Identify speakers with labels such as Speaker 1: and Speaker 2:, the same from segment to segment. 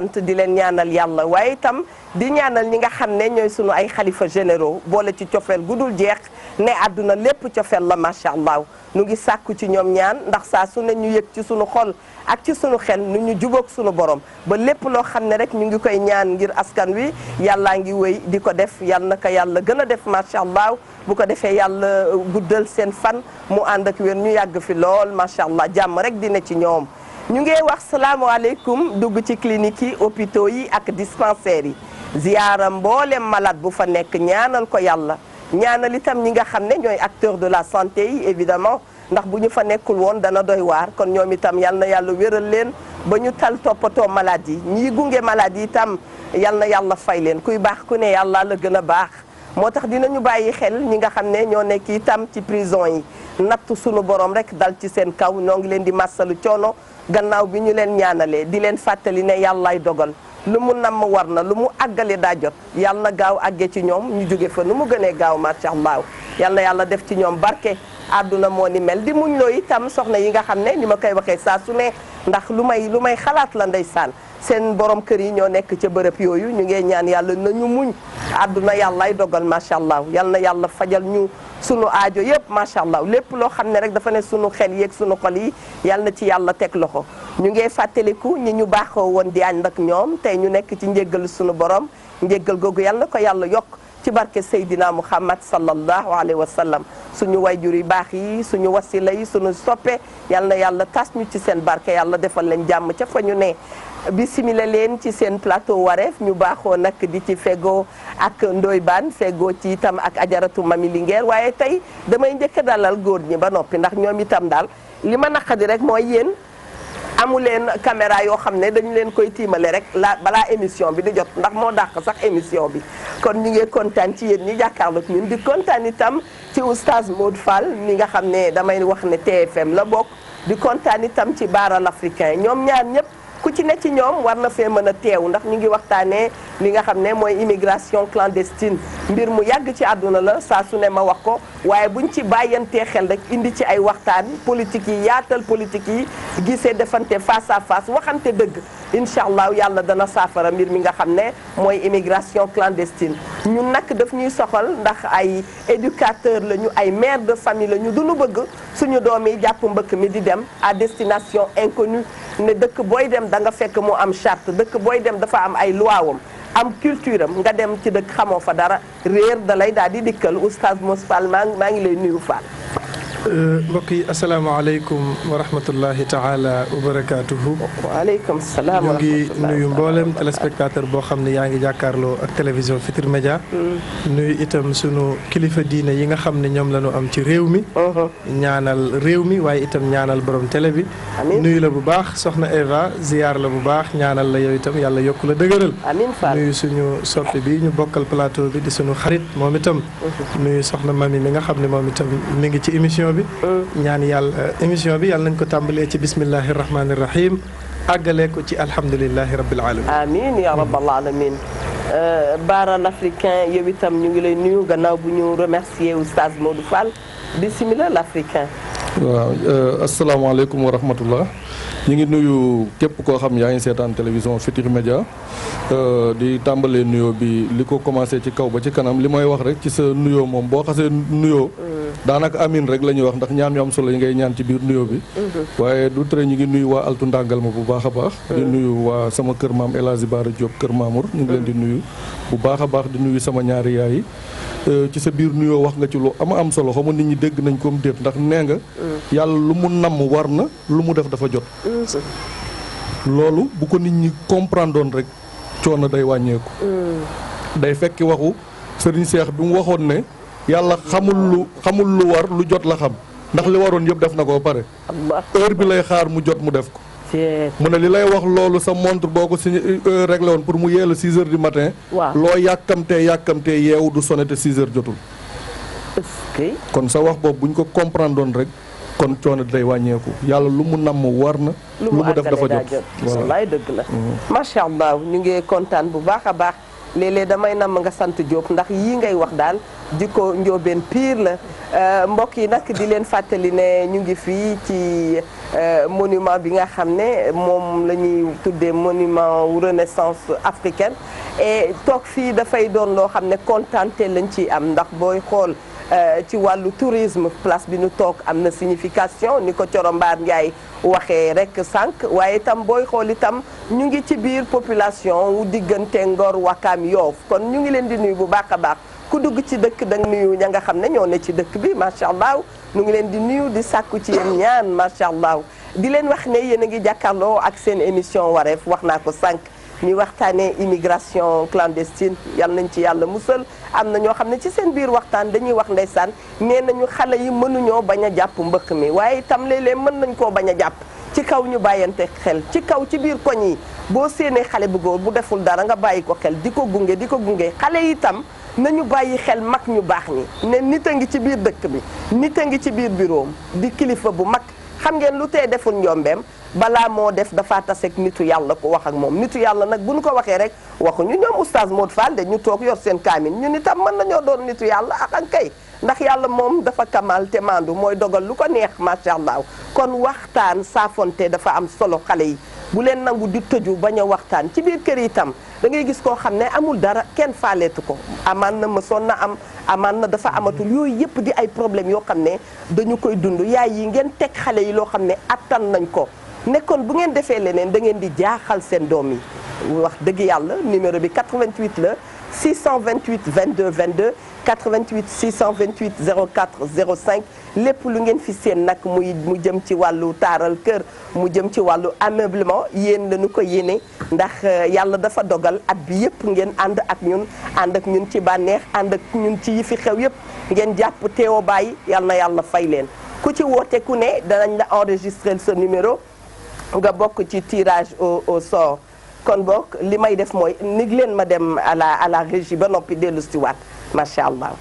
Speaker 1: ant di leen ñaanal yàlla waaye itam di ñaanal ñi nga xam ne ñooy sunu ay xalifa généraux boole ci cofeel gu dul jeex ne àdduna lépp cofeel la macha allah nu ngi sàkku ci ñoom ñaan ndax saa su ne ñu yëg ci sunu xol ak ci sunu xel nu ñu jubóog sunu borom ba lépp loo xam ne rek ñu ngi koy ñaan ngir askan wi yàllaa ngi wéy di ko def yal naka yàlla gën a def macha allah bu ko defee yàlla guddal seen fan mu ànd ak wér ñu yàgg fi lool macha allah jàmm rek dina ci ñoom. ñu ngi wax salaamaaleykum dugg ci clinique yi hôpitaux yi ak dispensaires yi ziyaara mboolem malaat bu fa nekk ñaanal ko yàlla ñaanal itam ñi nga xam ne ñooy acteur de la santé yi évidemment ndax bu ñu fa nekkul woon dana doy waar kon ñoom itam yàlla na yàlla wéral leen ba ñu tal toppatoo malaat yi ñii gunge malaat yi itam yàlla na yàlla fay leen kuy baax ku ne yàlla la gën a baax moo tax dina ñu bàyyi xel ñi nga xam ne ñoo nekk itam ci prison yi natt sunu borom rek dal ci seen kaw ñoo leen di massalu coono gannaaw bi ñu leen ñaanalee di leen fàttali ne yàllaay dogal lu mu namm war na lu mu àggale daa jot yàlla na gaaw àggee ci ñoom ñu jóge fa nu mu gënee gaaw macha allah yàlla yàlla def ci ñoom barke àdduna moo ni mel di muñ loo itam soxna yi nga xam ne ni ma koy waxee saa su ne ndax lu may lu may xalaat la ndeysaan seen borom kër yi ñoo nekk ca bërëb yooyu ñu ngee ñaan yàlla na ñu muñ àdduna ay dogal macha allah yal na yàlla fajal ñu sunu aajo yëpp macha allah lépp loo xam ne rek dafa ne sunu xel yeeg sunu xol yi yal ci yàlla teg loxo. ñu ngee fàttaliku ñi ñu baaxoo woon di ànd ak ñoom tey ñu nekk ci njégal sunu borom njégal googu yàlla ko yàlla yokk. ci barke Seydina Muhammad sallallahu alayhi wa sallam suñu wayjur yu baax yi suñu wasila yi suñu soppe yal na yàlla tas ñu ci seen barke yàlla defal leen jàmm ca fa ñu ne bisimila leen ci seen plateau wareef ñu baaxoo nag di ci fego ak Ndoye Bane fego ci itam ak ajaratu Mami Linguère waaye tey damay njëkk dalal góor ñi ba noppi ndax ñoom itam daal li ma naqadi rek mooy yéen amu leen caméra yoo xam ne dañu leen koy tiimale rek la balaa émission bi di jot ndax moo dàq sax émission bi kon ñu ngi kontaan ci yéen ñi jàkkaarloog ñun di kontaan itam ci oustaz Modou Fall mi nga xam ne damay wax ne TFM la bokk di kontaan itam ci baaral africain ñoom ñaar ñëpp. ku ci ne ci ñoom war na fee mën a teew ndax ñu ngi waxtaanee li nga xam ne mooy immigration clandestine mbir mu yàgg ci àdduna la saa su ne ma wax ko waaye bu ñu ci bàyyantee xel rek indi ci ay waxtaan politique yi yaatal politique yi gisee defante face à face waxante dëgg incha allah yàlla dana saafara mbir mi nga xam ne mooy immigration clandestine ñun nag daf ñuy soxal ndax ay éducateur la ñu ay mère de famille la ñu duñu bëgg suñu doom yi jàpp mbëkk mi di dem à destination inconnue ne dëkk booy dem da nga fekk mu am charte dëkk booy dem dafa am ay luwaawam am culture am nga dem ci dëkk xamoo fa dara réer da lay daal di dikkal oustaz Moussa Fall maa ngi lay nuyu Fall
Speaker 2: Euh, mbokk yi asalaamaaleykum wa rahmatullahi taala wa barakaatuhu.
Speaker 1: waaleykum salaam wa rahmatullahi ñu ngi nuyu
Speaker 2: mboolem téléspectateur boo xam ne yaa ngi jàkkaarloo ak télévision Futurs Médias. Mm. nuyu itam sunu kilifa diine yi nga xam ne ñoom la am ci réew mi. Mm-hmm. ñaanal réew mi waaye itam ñaanal borom télé bi. nuyu la bu baax soxna Eva ziyaar la bu baax ñaanal la yow itam yàlla yokk la dëgëral. nuyu suñu soppi bi ñu bokkal plateau bi di suñu xarit moom itam. Mm-hmm. nuyu soxna mami mi nga xam ne moom itam mi bi ñaan yàlla émission bi yàlla nañ ko tàmbalee ci bismillahi rahmaani rahim àggalee ko ci alhamdulilahi rabbil alamin
Speaker 1: amin ya rabbal euh, ñu ngi lay nuyu gannaaw bu ñu remercier oustaz Modou Fall bismillah l'Africain
Speaker 3: waaw euh, asalaamaaleykum wa rahmatullah ngi nuyu képp koo xam yaa ngi seetaan télévision Futurs Médias euh, di tàmbalee nuyoo bi li ko commencé ci kaw ba ci kanam li may wax rek ci sa nuyoo moom boo xasee nuyoo daanaka amin rek la ñuy wax ndax ñaan yu am solo yi ngay ñaan ci biir nuyoo bi mhm. waaye du tere ñu ngi nuyu waa altu ndàngal ma bu baax a baax di mhm. nuyu waa sama kër maam El Hadji Bara Diop kër Mamour ñu ngi leen di mhm. nuyu bu baax a baax di nuyu sama ñaari yaay yi euh, ci sa biir nuyoo wax nga ci lu ama am solo xamu nit ñi dégg nañ koom déet ndax nee nga yàlla lu mu namm war na lu mu def dafa jot loolu bu ko nit ñi comprendre doon rek coono day wàññeeku day fekki waxu Serigne Cheikh bi waxoon ne yàlla xamul lu xamul lu war lu jot la xam ndax li waroon yëpp def na ko ba pare heure bi lay xaar mu jot mu def ko mu ne li lay wax loolu sa montre boo ko signé euh, euh, réglé woon pour mu yee la 6 heures du matin loo yàkkamtee yàkkamtee yeewu du sonné te 6 heures jotul kon sa wax boobu buñ ko comprendre doon rek kon di day wàññeeku yàlla lu mu namm war na lu mu def dafa jot wallaay dëgg la mhm.
Speaker 1: macha allah ñu ngi kontaan bu baax a baax léeg damay namm nga sant Diop ndax yii ngay wax daal jikko njóobeen pire la euh, mbokk yi nag di leen fàttali ne ñu ngi fii ci euh, monument bi nga xam ne moom la ñuy tuddee monument renaissance africaine et toog fii dafay doon loo xam ne kontaante lañ ci am ndax booy xool Euh, ci wàllu tourisme place bi nu toog am na signification ni ko Coro Mbaar Ndiaye waxee rek sànq waaye itam booy xool itam ñu ngi ci biir population wu diggante Ngor Wakaam Yoof kon ñu ngi leen di nuyu bu baax a baax ku dugg ci dëkk danga nuyu ña nga xam ne ñoo ne ci dëkk bi macha allah ñu ngi leen di nuyu di sàkku ci yéen ñaan macha allah di leen wax ne yéen a ngi jàkkaarloo ak seen émission wareef wax naa ko sànq. ñuy waxtaanee immigration clandestine yal nañ ci yàlla musal am na ñoo xam ne ci seen biir waxtaan dañuy wax ndeysaan nee nañu xale yi mënuñoo bañ a jàpp mbëkk mi waaye itam léeg-léeg mën nañ koo bañ a jàpp ci kaw ñu bàyyante xel ci kaw ci biir koñ yi boo séenee xale bu góor bu deful dara nga bàyyi ko xel di ko gunge di ko gunge xale yi itam nañu bàyyi xel mag ñu baax ñi ne nit a ngi ci biir dëkk bi nit a ngi ci biir biroom di kilifa bu mag xam ngeen lu tey deful njombeem balaa moo def dafa tasek nitu yàlla ko wax ak moom nitu yàlla nag bu ñu ko waxee rek waxuñu ñoom oustaz Modou Fall de ñu toog yor seen kaamin ñun itam mën nañoo doon nitu yàlla ak ak kay ndax yàlla moom dafa kamal te mandu mooy dogal lu ko neex macha allah kon waxtaan saafonte dafa am solo xale yi bu leen nangu di tëju bañ a waxtaan ci biir kër yi itam da ngay gis koo xam ne amul dara kenn faaleetu ko amaan na mësoon na am amaan na dafa amatul yooyu yëpp di ay problème yoo xam ne dañu koy dund yaay yi ngeen teg xale yi loo xam ne attan nañ ko nekkoon bu ngeen defee leneen da ngeen di jaaxal seen doom yi wax dëgg yàlla numéro bi 88 la 628 22 22 88 628 04 05 lépp lu ngeen fi séen nag muy mu jëm ci wàllu taaral kër mu jëm ci wàllu ameublement yéen lañu ko yéene ndax euh, yàlla dafa dogal at bi yépp ngeen ànd ak ñun ànd ak ñun ci bànneex ànd ak ñun ci yi fi xew yépp ngeen jàpp teewo bàyyi yàlla na yàlla fay leen ku ci woote ku ne danañ la enregistrer sa numéro nga bokk ci tiirage au au sort kon bokk li may def mooy nig leen ma dem à la à la régie ba noppi dellusiwaat macha allah.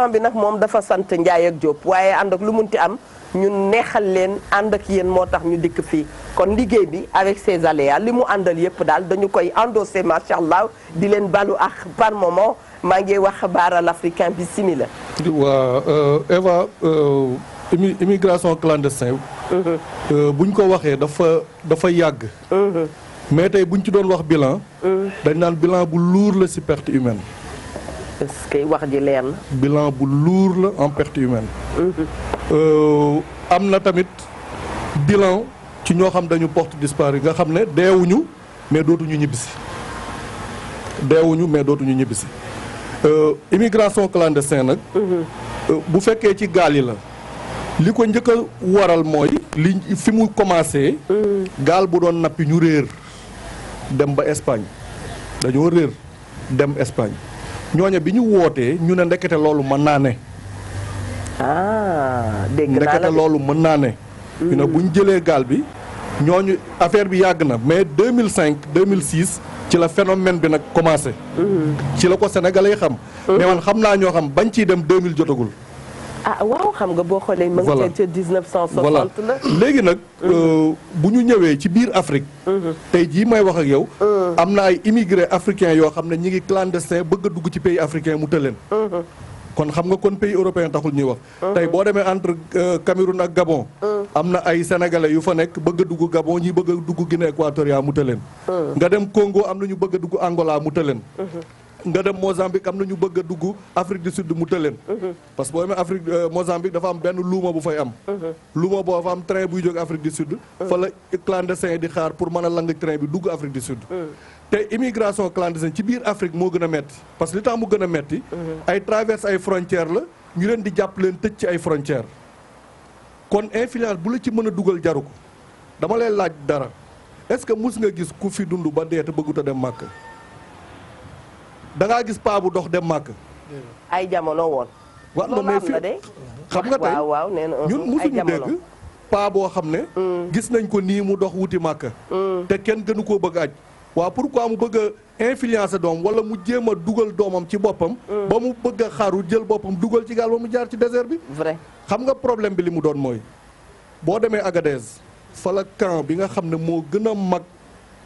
Speaker 1: émission bi nag moom dafa sant Ndiaye ak Diop waaye ànd ak lu munti am ñu neexal leen ànd ak yéen moo tax ñu dikk fii kon liggéey bi avec ses aléas li mu àndal yépp daal dañu koy endossé macha allah di leen balu ak par moment maa ngi wax baaral africain bi simila
Speaker 3: waaw euh, Eva euh, immigration clandestine mhm. euh, buñ ko waxee dafa dafa yàgg mhm. mais tey buñ ci doon wax bilan mhm. dañ naan bilan bu lourd la si perte humaine
Speaker 1: est-ce que wax ji leer na.
Speaker 3: bilan bu lourd la en perte humaine. Euh, am na tamit bilan ci ñoo xam dañu porte disparu nga xam ne deewuñu mais dootuñu ñibbisi deewuñu mais dootuñu ñibbisi euh, immigration clandestine nag. Mm-hmm. Euh, bu fekkee ci gaal yi la. li ko njëkk a waral mooy li fi mu commencé. Mm-hmm. gaal bu doon nappi ñu réer dem ba Espagne dañoo réer dem Espagne. ñooña bi ñu wootee ñu ne ndekete loolu mën naa ne. ah dégg naa la loolu mën naa ne. ñu ne bu jëlee gaal bi ñooñu affaire bi yàgg na mais deux deux cinq 2005 2006 ci la phénomène bi nag commencé. Mm. ci la ko sénégalais xam. Mm. mais man xam naa ñoo xam bañ ciy dem 2000 jotagul.
Speaker 1: ah waaw xam nga boo xoolee.
Speaker 3: ma ngi ca 1960 voilà léegi nag. Mhm. Euh, bu ñu ñëwee ci biir Afrique. Mhm. tey jii may wax ak yow. Mhm. am na ay immigré africain yoo xam ne ñi ngi clandestin bëgg a dugg ci pays africain mu tëleen. kon xam nga kon pays européen taxul ñuy wax. tey boo demee entre euh, Cameroun ak Gabon. am na ay sénégalais yu fa nekk bëgg a dugg Gabon ñi bëgg a dugg Guinée Équatoriale mu tëleen. nga dem Congo am na ñu bëgg a dugg Angola mu tëleen. nga dem Mozambique am na ñu bëgg a dugg Afrique du Sud mu tëleen mhm. parce que boo demee Afrique euh, Mozambique dafa am benn luuma bu fay am mhm. luuma boo fa am train buy jóg Afrique du Sud mhm. fa la clandestin di xaar pour mën a lang train bi dugg Afrique du Sud te immigration clandestine ci biir Afrique moo gën a metti parce que li tax mu gën a metti ay traverse ay frontière la ñu leen di jàpp leen tëj ci ay frontières kon influence bu la ci mën a dugal jaru ko dama leen laaj dara est-ce que mus nga gis ku fi dund ba dee te dem màkk da ngaa gis paa bu dox dem màkk.
Speaker 1: ay jamono woon. loolu mais fi
Speaker 3: xam nga tey ñun uh-huh, musuñu dégg paa boo xam ne. Mm. gis nañ ko nii mu dox wuti màkk. Mm. te kenn gënu koo bëgg aj waaw pourquoi mu bëgg a influencer doom wala mu jéem a dugal doomam ci boppam. Mm. ba mu bëgg xaru jël boppam dugal ci gaal ba mu jaar ci désert bi. vrai xam nga problème bi li mu doon mooy. boo demee Agadez fa la bi nga xam ne moo gën a mag.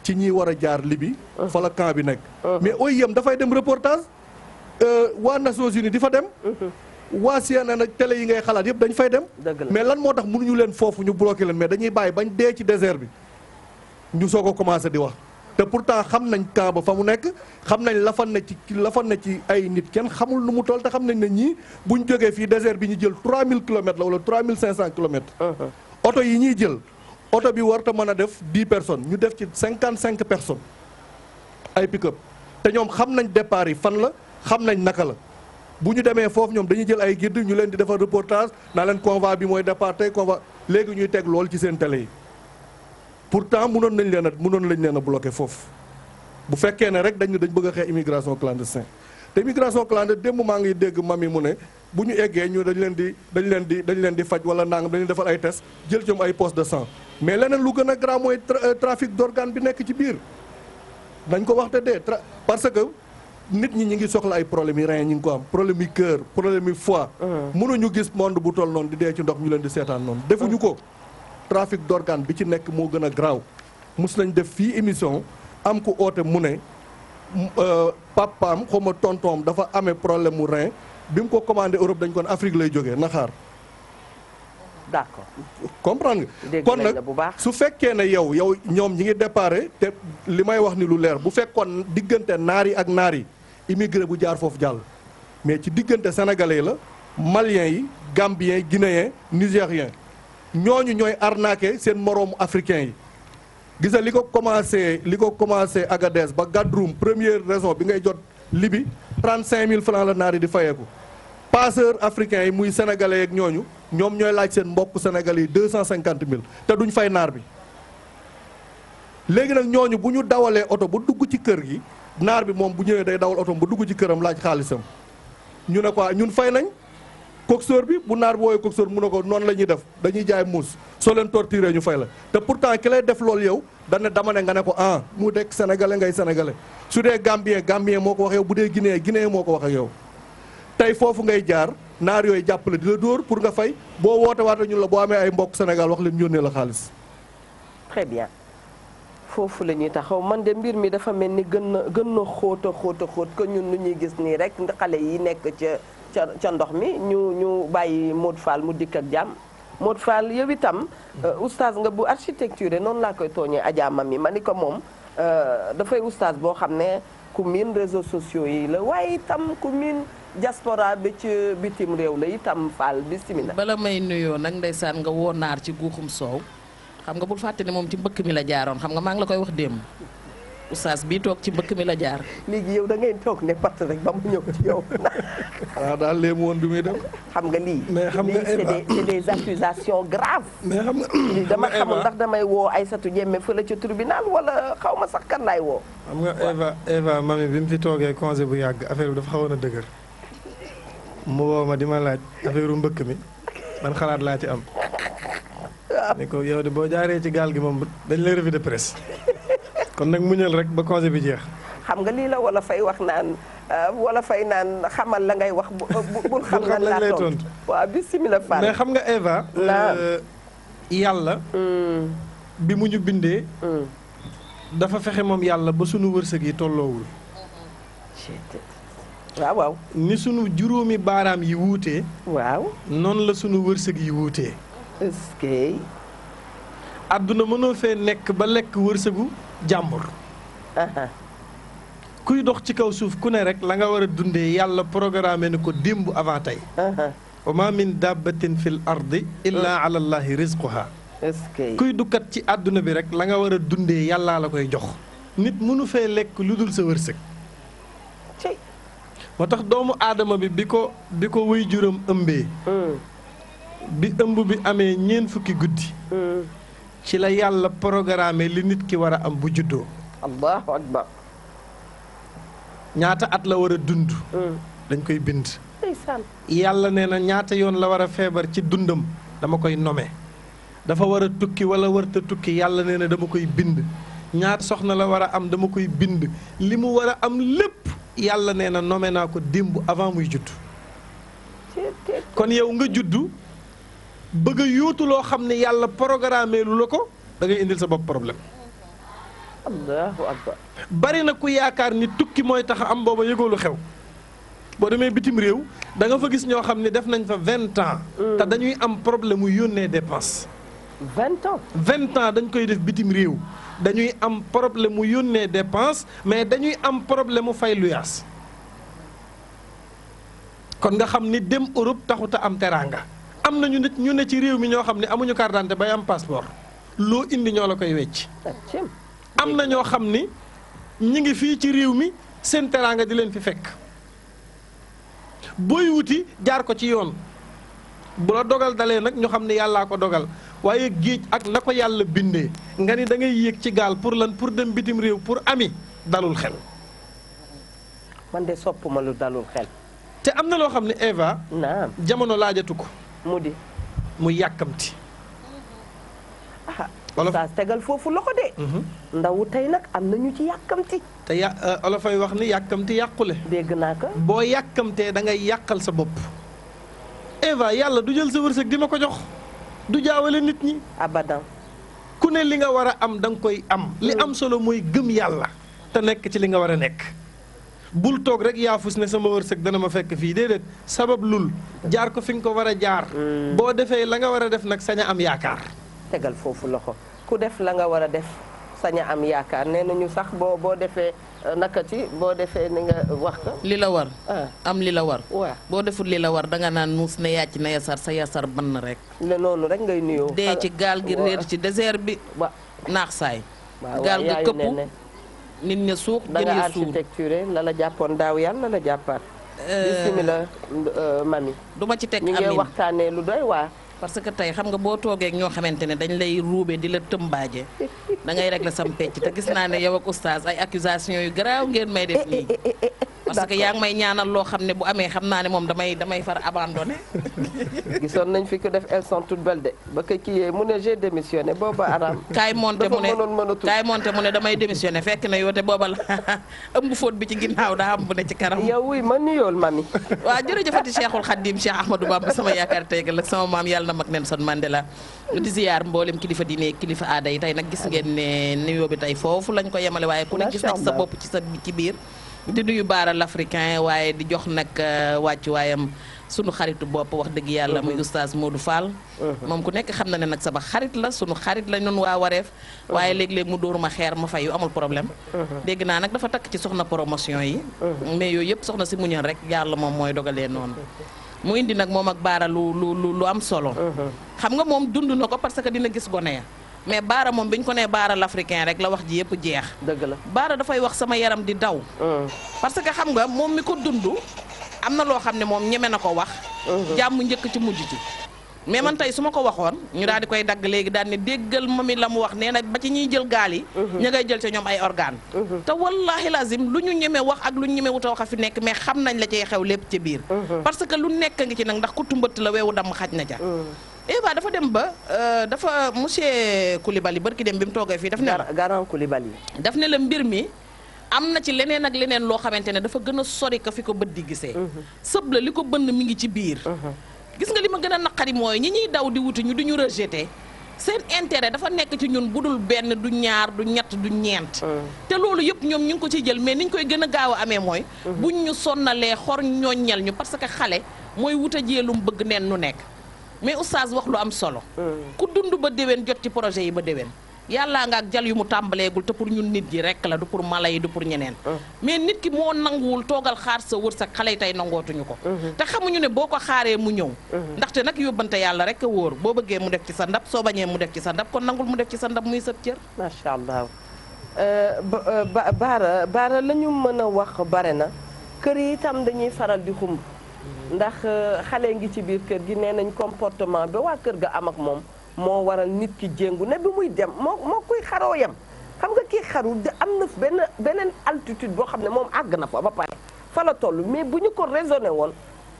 Speaker 3: ci ñi war a jaar Libi fa la camp bi nekk mais OIM dafay dem reportage euh, waa Nations Unies di fa dem waa CNN na télé yi ngay xalaat yëpp dañ fay dem mais lan moo tax mënuñu leen foofu ñu bloqué leen mais dañuy bàyyi bañ dee ci désert bi ñu soog a commencé di wax te pourtant xam nañ camp ba fa mu nekk xam nañ la fa ne ci la fa ci ay nit kenn xamul nu mu toll te xam nañ ne ñii bu ñu jógee fii désert bi ñu jël 3000 kilomètres la wala 3500 kilomètres oto yi ñuy jël oto bi warta mën a def dix personnes ñu def ci cinquante cinq personnes ay pick-up te ñoom xam nañ départ yi fan la xam nañ naka la bu ñu demee foofu ñoom dañuy jël ay guide ñu leen di defar reportage naa leen convoi bi mooy départ tey convoi léegi ñuy teg lool ci seen tele yi pourtant munoon nañ leen a mënoon lañ leen a bloqué foofu bu fekkee ne rek dañ dañ bëgg a xeex immigration clandestine te immigration clandestine démb maa ngi dégg mami mu ne bu ñu eggee ñu dañ leen di dañ leen di leen di faj wala nangam dañ leen defal ay test jël ci ay poche de sang mais leneen lu gën a grave mooy euh, trafic d'organe bi nekk ci biir dañ ko wax te parce que nit ñi ñi ngi soxla ay problème yi ñi ngi ko am problème yi cœur problème yi foie mm. mënuñu gis monde bu toll noonu di dee ci ndox ñu leen di seetaan noonu defuñu ko trafic d'organe bi ci nekk moo gën a grave nañ def fii émission am ku oote mu ne euh, papaam xaw ma tontoom dafa amee problème mu rein bi mu ko commandé Europe dañ kon Afrique lay jóge naxaar xaar. d'accord comprendre nga. kon nag su fekkee ne yow yow ñoom ñi ngi déparé te li may wax ni lu leer bu fekkoon diggante naar yi ak naar yi immigré bu jaar foofu jàll. mais ci diggante sénégalais la maliens yi gambiens guinéens nigériens ñooñu ñooy arnaqué seen moroomu africains yi. gisa li ko commencé li ko commencé Agadez ba Gadroum première raison bi ngay jot. Libi trent mille francs la naar yi di fayeeku passeur africain yi muy sénégalais yeeg ñooñu ñoom ñooy laaj seen mbokk sénégalais yi 250000 te duñ fay naar bi léegi nag ñooñu bu ñu dawalee oto ba dugg ci kër gi naar bi moom bu ñëwee day dawal oto ba dugg ci këram laaj xaalisam ñu ne quoi ah, ñun fay nañ. coxeur bi bu naar wooyee coxeur mu ne ko noon lañuy def dañuy jaay muus soo leen torturé ñu fay la te pourtant ki lay def loolu yow dana dama ne nga ne ko ah mu dekk sénégalais ngay sénégalais su dee gambien gambien moo ko wax yow bu dee guinéen guinéen moo ko wax ak yow tey foofu ngay jaar naar yooyu jàppale di la dóor pour nga fay boo woote waate ñu la boo amee ay mbokk Sénégal wax leen yónnee la xaalis très bien
Speaker 1: foofu la ñuy taxaw man de mbir mi dafa mel ni gën na gën na xóot a xóot a xóot que ñun ñuy gis nii rek xale yi nekk ca ca ca ndox mi ñu ñu bàyyi Modou Fall mu dikk ak jàmm Modou Fall yow itam euh, oustaz nga bu architecture noonu laa koy tooñee Adja yi ma ni ko moom euh, dafay oustaz boo xam ne ku miin réseaux sociaux yi la waaye itam ku miin diaspora bi ci bitim réew la yitam itam Fall bismillah
Speaker 4: bala may nuyoo nag ndeysaan nga woo naar ci guuxum soow xam nga bul fàtte ne moom ci mbëkk mi la jaaroon xam nga maa ngi la koy wax démb oustaz bi toog ci mbëkk mi la jaar.
Speaker 1: léegi yow da ngay toog ne pat rek ba mu ñëw
Speaker 3: ci yow. daal léemu woon bi xam nga lii. mais xam nga c'est des
Speaker 1: dama xamul ndax damay woo Aïssatou Diémé fële ca tribunal wala xaw ma sax kan laay woo.
Speaker 2: xam nga Eva Eva mami bi mu fi toogee congé bu yàgg affaire bi dafa xawoon a dëgër. mu woo ma di ma laaj affaire u mbëkk mi man xalaat laa ci am. waaw ah. ne ko yow de boo jaaree ci gaal gi moom dañ lay revue de presse. kon nag muñal rek ba congé bi jeex. xam nga lii la wala fay wax naan euh, wala fay
Speaker 1: naan xamal la ngay wax bu bul xam lan laa tontu waaw bisimilah Fall mais xam nga Eva. Euh,
Speaker 2: yàlla. Hmm. bi mu ñu bindee. Hmm. dafa fexe moom yàlla ba sunu wërsëg yi tolloowul. waaw waaw. ni sunu juróomi baaraam yi wuutee. waaw noonu la sunu wërsëg yi wuutee. est-ce àdduna mënoo fee nekk ba lekk wërsëgu. jàmbur kuy dox ci kaw suuf ku ne rek la nga war a dundee yàlla programme ni ko démb avant tey wa ma min dabbatin fil ardi illaa mm. ala allahi rizquha kuy dukkat ci àdduna bi rek la nga war a dundee yàllaa la koy jox nit mënu fee lekk lu dul sa wërsëg moo tax doomu aadama bi bi ko bi ko wéy juróom ëmbee mm. bi ëmb bi amee ñeent fukki guddi mm. ci la yàlla programme li nit ki war a am bu juddoo. allahu akbar. ñaata at la war a dund. Mm. dañ koy bind. yàlla nee na ñaata yoon la war a feebar ci dundam dama koy nome dafa war a tukki wala warta tukki yàlla nee na dama koy bind ñaat soxna la war a am dama koy bind li mu war a am lépp yàlla nee na nome naa ko démb avant muy judd. kon yow nga juddu. bëgg a loo xam ne yàlla programmé lu la ko da ngay indil sa bopp problème. allahu bari na ku yaakaar ni tukki mooy tax am booba yëgoolu xew. boo demee bitim réew da nga fa gis ñoo xam ne def nañ fa vingt ans. Mm. te dañuy am problème mu yónnee dépense. vingt ans vingt ans dañ koy def bitim réew dañuy am problème mu yónnee dépense mais dañuy am problème mu fay luyaas kon nga xam ni dem Europe taxut a am teraanga. am na nit ñu ne ci réew mi ñoo xam ne amuñu carte d'identité bay am passeport loo indi ñoo la koy wecc am na ñoo xam ni ñi ngi fii ci réew mi seen teraanga di leen fi fekk booy wuti jaar ko ci yoon bu la dogal dalee nag ñu xam ne yàllaa ko dogal waaye géej ak na ko yàlla bindee nga ni dangay yéeg ci gaal pour lan pour dem bitim réew pour ami dalul xel man de soppuma lu dalul xel te am na loo xam ne Eva naam jamono laajatu ko mu di mu yàkkamti olof tegal foofu loxo de. Mhm. ndawu tey nag am na ñu ci yàkkamti. te ya euh, olof ay wax ni yàkkamti yàqule. dégg naa boo yàkkamtee da ngay yàqal sa bopp. Eva yàlla du jël sa wërsëg di ma ko jox du jaawale nit ñi. abadan ku ne li nga war a am danga koy am. li mm. am solo mooy gëm yàlla. te nekk ci li nga war a nekk. bul toog rek yaafus ne sama wërsëg dana ma fekk fii déedéet sabab lul jaar ko fi nga ko war a jaar. Hmm. boo defee la nga war a def nag sañ am yaakaar. tegal foofu loxo
Speaker 1: ku def la nga war a def sañ am yaakaar nee nañu sax boo boo defee euh, naka ci boo defee ni nga wax ko.
Speaker 4: li la war. Ah. am li la war. waaw boo deful li la war danga naan nuus ne yàcc na yasar sa yasar ban na rek.
Speaker 1: ne noonu rek ngay nuyoo. dee ci gaal gi réer ci désert
Speaker 4: bi. naax saay.
Speaker 1: gaal gi këpp nit ña suux da nga architecture la la jàppoon daaw yàlla la jàppaat
Speaker 4: euh, bismillah euh, mami du ma ci teg amin ñu ngi waxtaanee lu doy waa parce que tey xam nga boo toogee ñoo xamante ne dañ lay ruube di la tëmbaaje da ngay régler sam pecc te gis naa ne yow ak oustaz ay accusation yu garaaw ngeen may def eh, eh, nii eh, parce que yaa ngi may ñaanal loo xam ne bu amee xam naa ne moom damay damay far abandonné.
Speaker 1: gisoon nañ fi ko def elles sont toutes belles de ba ko kii mu ne j'ai démissionné booba Aram. kaay monte
Speaker 4: mu ne damay démissionné fekk na yow booba la ëmb fóot bi ci ginnaaw daa am bu ne ci kanam. yow wuy ma nuyool mami. waaw jërëjëfati Cheikhul Khadim Cheikh Ahmadou Bamba sama yaakaar tey la sama maam yàlla na mag Nelson Mandela. di ziar mboolem kilifa diine kilifa aada tey nag gis ngeen ne nuyoo bi tey foofu lañ ko yemale waaye ku ne gis na sa di nuyu baara l'africain waaye di jox nag euh, wàccuwaayam sunu xaritu bopp wax dëgg yàlla muy moo du faal moom ku nekk xam na ne nag sama xarit la sunu xarit la noonu waa wareef uh-huh. waaye léeg-léeg mu dóoru xeer ma fayu amul problème uh-huh. dégg naa nag dafa takk ci soxna promotion yi uh-huh. mais yooyu yëpp soxna si muñal rek yàlla moom mooy dogalee noonu mu indi nag moom ak baara lu lu lu am solo xam nga moom dund na ko parce que dina gis gone ya mais baara moom bi ñu ko nee baara l'africain rek la wax ji yëpp jeex. dëgg la baara dafay wax sama yaram di daw. Mm. parce que xam nga moom mi ko dund am na loo xam ne moom ñeme na ko wax. Mm-hmm. jàmm njëkk ci mujj ci. mais man tey su ma ko waxoon ñu daal di koy dagg léegi daal ne déggal ma mi la mu wax nee na ba ci ñuy jël gaal yi mm-hmm. ña ngay jël ca ñoom ay organe mm-hmm. te wallahi lazim lu ñu ñeme wax ak lu ñu ñeme wuta wax a fi nekk mais xam nañ la cee xew lépp ci biir parce que lu nekk ngi ci nag ndax ku tumbat la weewu damm xaj na ca mm. Eva dafa dem ba euh, dafa monsieur Koulibaly barki dem bi mu toogee fii daf ne la garant Koulibaly daf ne la mbir mi am na ci leneen ak leneen loo xamante ne dafa gën a sori ka fi ko bët di gisee mhm. sëb la li ko bënn mi ngi ci biir mhm. gis nga li ma gën a naqari mooy ñi ñuy daw di wuti ñu duñu rejeté seen intérêt dafa nekk ci ñun bu dul benn du ñaar du ñett du ñeent. Mhm. te loolu yëpp ñoom ñu ngi ko ciy jël mais ñu koy gën a gaaw a amee mooy. buñ ñu sonnalee xor ñooñal ñu parce que xale mooy wuta jee lu mu bëgg neen nu nekk. mais oustaz wax lu am solo. Hmm. ku dund ba déwén jot ci projet yi ba déwén. yàlla nga ak jal yu mu tàmbaleegul te pour ñun nit ji rek la du pour mala yi du pour ñeneen hmm. mais nit ki moo nanguwul toogal xaar sa wërsëg xale yi tey nangootuñu ko hmm. te xamuñu ne boo ko xaaree mu ñëw ndaxte nag yóbbante yàlla rek a wóor boo bëggee mu def ci sa ndab soo bañee mu def ci sa ndab kon nangul mu def ci sa ndab muy sëb cër macha allah
Speaker 1: euh, euh, baara baara la ñu mën a wax bare na kër yi dañuy faral di xumb ndax euh, xale ngi ci biir kër gi nee nañ comportement ba waa kër ga am ak moom moo waral nit ki jéngu ne bi muy dem moo moo kuy xaroo yam xam nga kii xaru de am na benn beneen altitude boo xam ne moom àgg na fa ba pare fa la toll mais bu ñu ko raisonné woon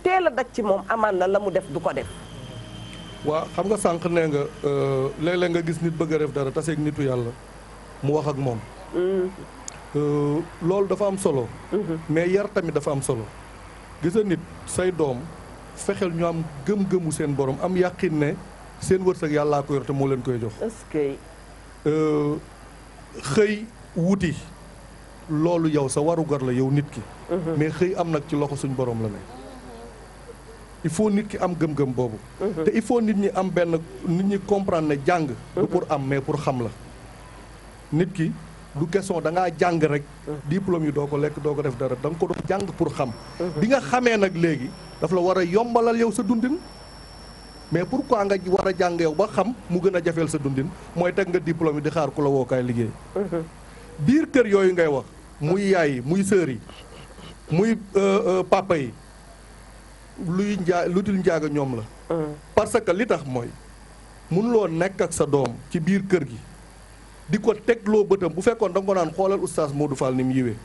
Speaker 1: teel a daj ci moom amaan na la mu def du ko def
Speaker 3: waaw xam nga sànq nee nga euh, léeg-léeg nga gis nit bëgg a def dara taseeg nitu yàlla mu wax ak moom mm. euh, loolu dafa am solo mm-hmm. mais yar tamit dafa am solo gis nit say doom fexeel ñu am gëm-gëmu seen borom am yàqin ne seen wërsëg yàllaa ko yor te moo leen koy jox. est-ce euh, xëy wuti loolu yow sa warugar la yow nit ki. Mm-hmm. mais xëy am nag ci loxo suñ borom la ne. il faut nit ki am gëm-gëm boobu. Mm-hmm. te il faut nit ñi am benn nit ñi comprendre ne jàng. du mm-hmm. pour am mais pour xam la nit ki. du question da ngaa jàng rek diplôme yi doo ko lekk doo ko def dara da ko doon jàng pour xam bi nga xamee nag léegi daf la war a yombalal yow sa dundin mais pour pourquoi nga war a jàng yow ba xam mu gën a jafeel sa dundin mooy teg nga diplôme yi di xaar ku la wookaay liggéey biir kër yooyu ngay wax muy yaay yi muy sœur yi muy euh, euh, papa yi luy njaa lu dul njaaga ñoom la parce que li tax mooy mënuloo nekk ak sa doom ci biir kër gi di ko tegloo bëtam bu fekkoon da ko naan xoolal oustaz Modou Fall ni mu yiwee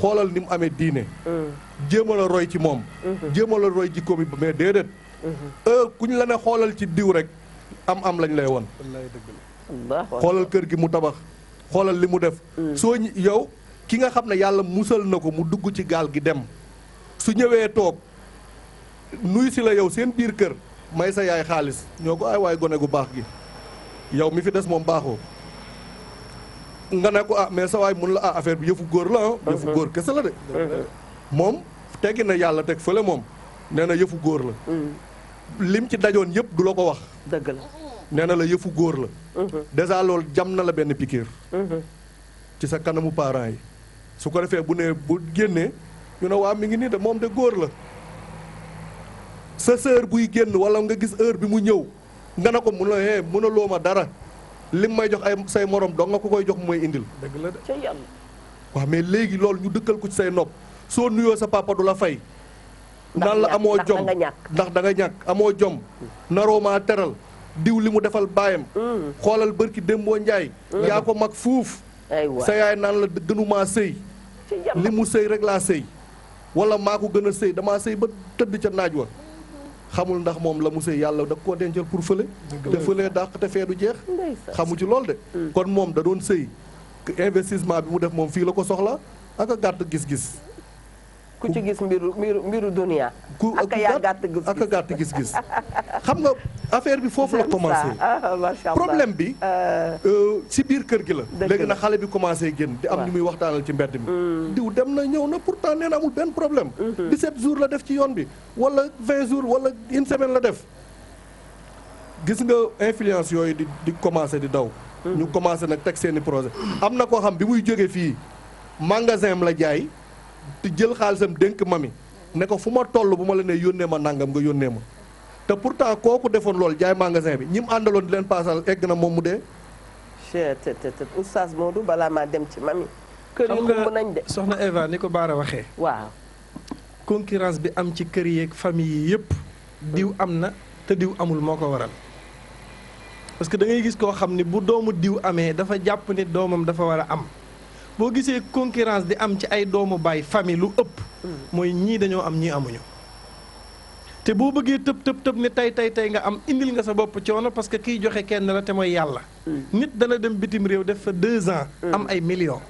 Speaker 3: xoolal ni mu amee diine jéemal a roy ci moom jéemal a roy ci komi mais déedéet
Speaker 5: euh,
Speaker 3: ku ñu la ne xoolal ci diw rek am am lañ lay won xoolal kër gi mu tabax xoolal li mu def mm. soo yow ki nga xam ne yàlla musal na ko mu dugg ci gaal gi dem su ñëwee toog nuy si la yow seen biir kër may sa yaay xaalis ñoo ko ay waay gone gu baax gi yow mi fi des moom baaxoo nga ne ko ah mais sa waay mun la ah affaire bi yëfu góor la ah yëfu góor kese la de moom teggi na yàlla teg fële moom nee na yëfu góor la hmm. lim ci dajoon yëpp du ko wax dëgg nee na la yëfu góor la hmm. dèjà loolu jam na la benn pikiir hmm. ci sa kanamu parents yi su ko defee bu ne bu génnee ñu ne waa mi ngi nii de moom de góor la sa sœur buy génn wala nga gis heure bi mu ñëw nga ne ko mun la hee eh, mun ma dara lim may jox ay say morom dong nga ko koy jox mooy indil. dëgg la de mais léegi loolu ñu dëkkal ko ci say nopp soo nuyoo sa papa du la fay.
Speaker 2: naan la amoo jom
Speaker 3: ndax da nga ñàkk amoo jom.
Speaker 2: Mm.
Speaker 3: naroo maa teral diw li mu defal baayam. Mm. xoolal bërki démboo njaay. Mm. yaa ko mag fuuf. sa yaay naan la gënumaa sëy. li mu sëy rek laa sëy. walla maa ko gën a sëy damaa sëy ba tëdd ca naaj wa. xamul ndax moom la mu sëy yàlla da koo dencal pour fële te fële dàq te fee du jeex xamu ci loolu de mm. kon moom da doon sëy investissement bi mu def moom fii la ko soxla ak a gàtt gis-gis ku ci gis mbiru mbiru mbiru dunia. ku ak yaa gàtt gis-gis gis-gis xam nga affaire bi foofu
Speaker 1: la commencé. Ah, problème
Speaker 3: bi. si euh. euh, biir kër gi la. léegi na xale bi commencé génn di am ni muy waxtaanal ci mbedd mi. Hmm. diw dem na ñëw na pourtant nee na amul benn problème. 17 hmm. jours la def ci yoon bi wala 20 jours wala une semaine la def. gis nga influence yooyu di di commencé di daw. Hmm. ñu commencé nag teg seen i projet am na koo xam bi muy jógee fii magasin la jaay. te jël xaalisam dénk mami ne ko fu ma toll bu ma la nee yónnee ma nangam nga yónnee ma te pourtant kooku defoon loolu jaay magasin bi ñi àndaloon di leen paasal egg na
Speaker 2: moom mu dee.
Speaker 1: cher te te te oustaz balaa maa
Speaker 2: dem ci mami. kër yi soxna Eva ni ko Baara waxee. waaw. concurrence bi am ci kër yeeg famille yi yëpp. diw am na te diw amul moo ko waral. parce que da gis koo xam ni bu doomu diw amee dafa jàpp ni doomam dafa war a am. boo gisee concurrence di am ci ay doomu baay famille lu ëpp. Mm. mooy ñii dañoo am ñii amuñu. te boo bëggee tëb tëb tëb ne tey tey tey nga am indil nga sa bopp coono parce que kiy joxe kenn la te mooy yàlla. Mm. nit dana dem bitim réew def fa deux ans. Mm. am ay millions.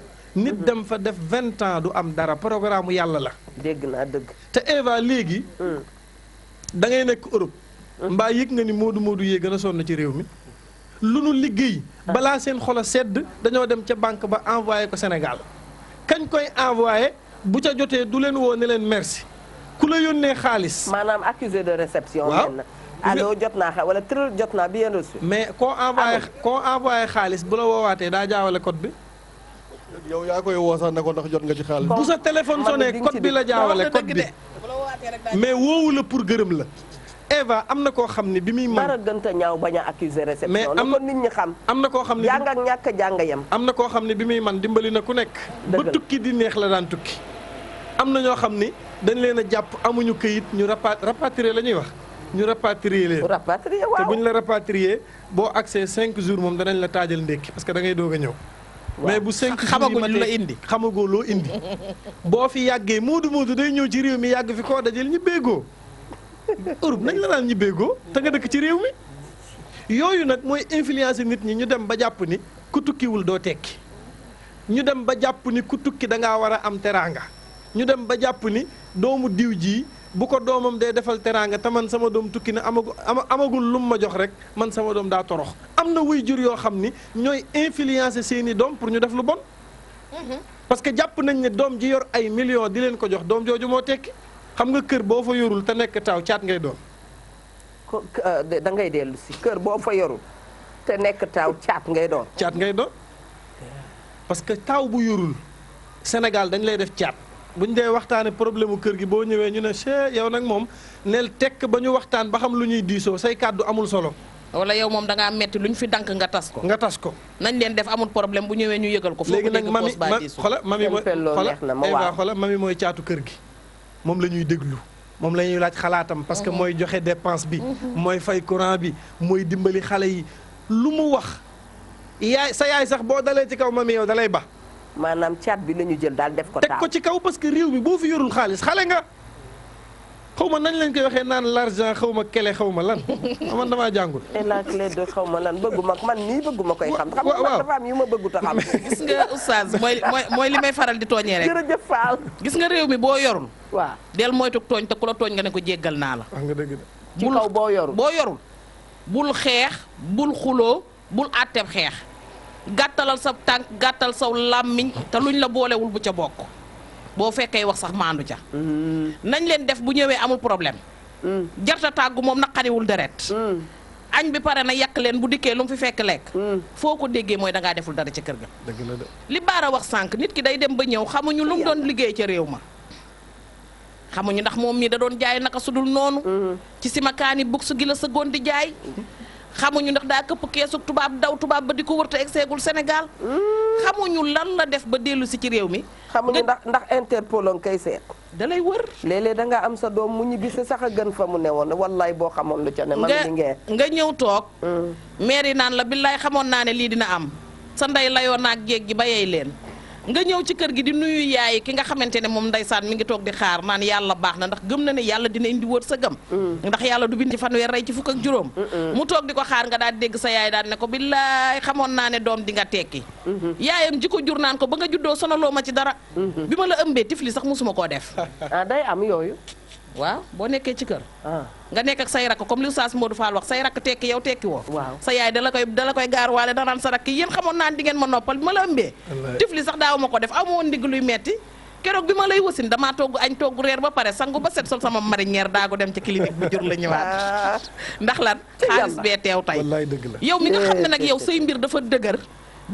Speaker 2: nit mm-hmm. dem fa def vingt ans du am dara programme mu yàlla la. dégg naa dëgg. te Eva léegi. da ngay nekk Europe. mbaa yëg nga ni Moodu Moodu yee gën a sonn ci réew mi. lu nu liggéey ah. balaa seen xol sedd dañoo dem ca banque ba envoyé ko Sénégal kañ koy envoyé bu ca jotee du leen woo ne leen merci ku la yónnee xaalis. maanaam accusé de réception. waaw allo jot naa wala tërël jot naa bien reçu. mais ko envoyé ko envoyé xaalis bu la woowaatee daa jaawale code bi. yow yaa koy woo sax ne ko ndax jot nga ci xaalis. bu sa téléphone sonné code bi la jaawale code bi mais woowu la pour gërëm la. Eva am na koo xam ne bi muy mën dara ñaaw
Speaker 1: bañ a accuser réception mais am
Speaker 2: na nit ñi xam am na koo xam ne jàng ak
Speaker 1: ñàkk jàng yem
Speaker 2: am na koo xam ne bi muy man dimbali na ku nekk ba tukki di neex la daan tukki am na ñoo xam ni dañ leen a jàpp amuñu kayit ñu rapa rapatrier la ñuy wax ñu rapatrier leen te buñ la rapatrier boo accès cinq jours moom danañ la taajal ndékki parce que da ngay doog a ñëw mais bu cinq xamaguñ lu la indi xamagoo loo indi boo fi yàggee moodu moodu day ñëw ci réew mi yàgg fi koo dajal ñu béegoo Europe nañ la naan ñibbeegoo te nga dëkk ci réew mi yooyu nag mooy influencer nit ñi ñu dem ba jàpp ni ku tukkiwul doo tekki ñu dem ba jàpp ni ku tukki da ngaa war a am teraanga ñu dem ba jàpp ni doomu diw jii bu ko doomam dee defal teraanga te man sama doom tukki na amagul amagul lum ma jox rek man sama doom daa torox am na wuy jur yoo xam ni ñooy influencer seeni doom pour ñu def lu bon mm-hmm. parce que jàpp nañ ne doom ji yor ay millions di leen ko jox doom jooju moo tekki xam nga kër boo fa yorul te nekk taaw caat ngay doon.
Speaker 1: Euh, da ngay dellu si kër boo fa yorul te nekk taaw caat ngay doon.
Speaker 2: caat ngay doon parce que taaw bu yorul Sénégal dañ lay def caat bu ñu dee waxtaanee problème mu kër gi boo ñëwee ñu ne chee yow nag moom neel tekk ba ñu waxtaan ba xam lu ñuy diisoo say kàddu amul solo. wala yow moom da ngaa metti lu ñu fi dank nga tas ko. nga tas ko nañ leen def amul problème bu ñëwee ñu yëgal ko. foofu léegi nag mami xola mami mooy xola mami mooy caatu kër gi. moom la ñuy déglu moom la ñuy laaj xalaatam parce que mooy joxe dépense bi mooy fay courant bi mooy dimbali xale yi lu mu wax yaay sa yaay sax boo dalee ci kaw mami yow dalay ba maanaam caat bi la ñu jël daal def ko teg ko ci kaw parce que réew mi boo fi yorul xaalis xale nga xaw ma nañ lañ koy waxee naan l'argent xaw ma kele xaw ma lan ah, man damaa jàngul. et la xaw ma lan bëgguma man nii bëgguma koy xam. xam nga ma bëggut a xam. gis nga
Speaker 5: mooy
Speaker 4: mooy may faral di tooñee rek. jërëjëf Fall. gis réew mi boo yorul. waaw del moytu tooñ te ku la tooñ nga ne ko jéggal naa la. wax ah, nga dëgg de. boo yorul boo yorul. bul xeex bul xuloo bul àtteeb xeex gàttalal sa tànk gàttal saw làmmiñ te luñ la boolewul bu ca bokk boo fekkee wax sax maandu ca mm-hmm. nañ leen def bu ñëwee amul problème mm. jarta tàggu moom na naqariwul deret mm. añ bi pare na yàq leen bu dikkee lu mu fi fekk lekk mm. foo ko déggee mooy dangaa deful dara ca kër ga dëgg la de li baara wax sànq nit ki day dem ba ñëw xamuñu lu mu doon liggéey ca réew ma xamuñu ndax moom mii da doon jaay naka sudul noonu mm-hmm. ci simakaani buksu gi la sëggoon di jaay mm-hmm. xamuñu ndax daa këpp keesu tubaab daw tubaab ba di ko wërta seegul senegal xamuñu lan la def ba dellu si ci réew mi xamuñu ndax ndax Interpol on kay seet da lay wër léeg-léeg da ngaa am sa doom mu ñibbi sa sax a gën fa mu ne woon wallaay boo xamoon lu ca ne man li ngeen nga ñëw toog mm. maire yi naan la billaay xamoon naa ne lii dina am sa ndey layoon naag géej gi ba yey leen nga ñëw ci kër gi di nuyu yaay ki nga xamante ne moom ndeysaan mi ngi toog di xaar naan yàlla baax na ndax gëm na ne yàlla dina indi wërsëgam mm. ndax yàlla du bindi ci fanweer rey ci fukk ak juróom mu toog di ko xaar nga daal dégg sa yaay daal ne ko billaay xamoon naa ne doom di nga tekki mm-hmm. yaayam ji ko jur naan ko ba nga juddoo sonaloo ma ci dara mm-hmm. bi ma la ëmbee tifli sax musuma koo def ah, am yooyu waaw boo nekkee ci kër ah. nga nekk ak say rakk comme li oustaz Modou Fall wax say rakk tekki yow tekki woo waaw sa yaay dala koy dala koy gaar waale danaa sa rakk yéen xamoon naan di ngeen ma noppal bi ma la ëmbee tifli sax daaw ma ko def amoon ndigg luy metti keroog bi ma lay wasin damaa togg añ togg reer ba pare sangu ba set sol sama marinière daago dem ci clinique bu jur la waa ndax lan xaalis bee teew tey
Speaker 2: yow mi nga xam ne nag yow say
Speaker 4: mbir dafa dëgër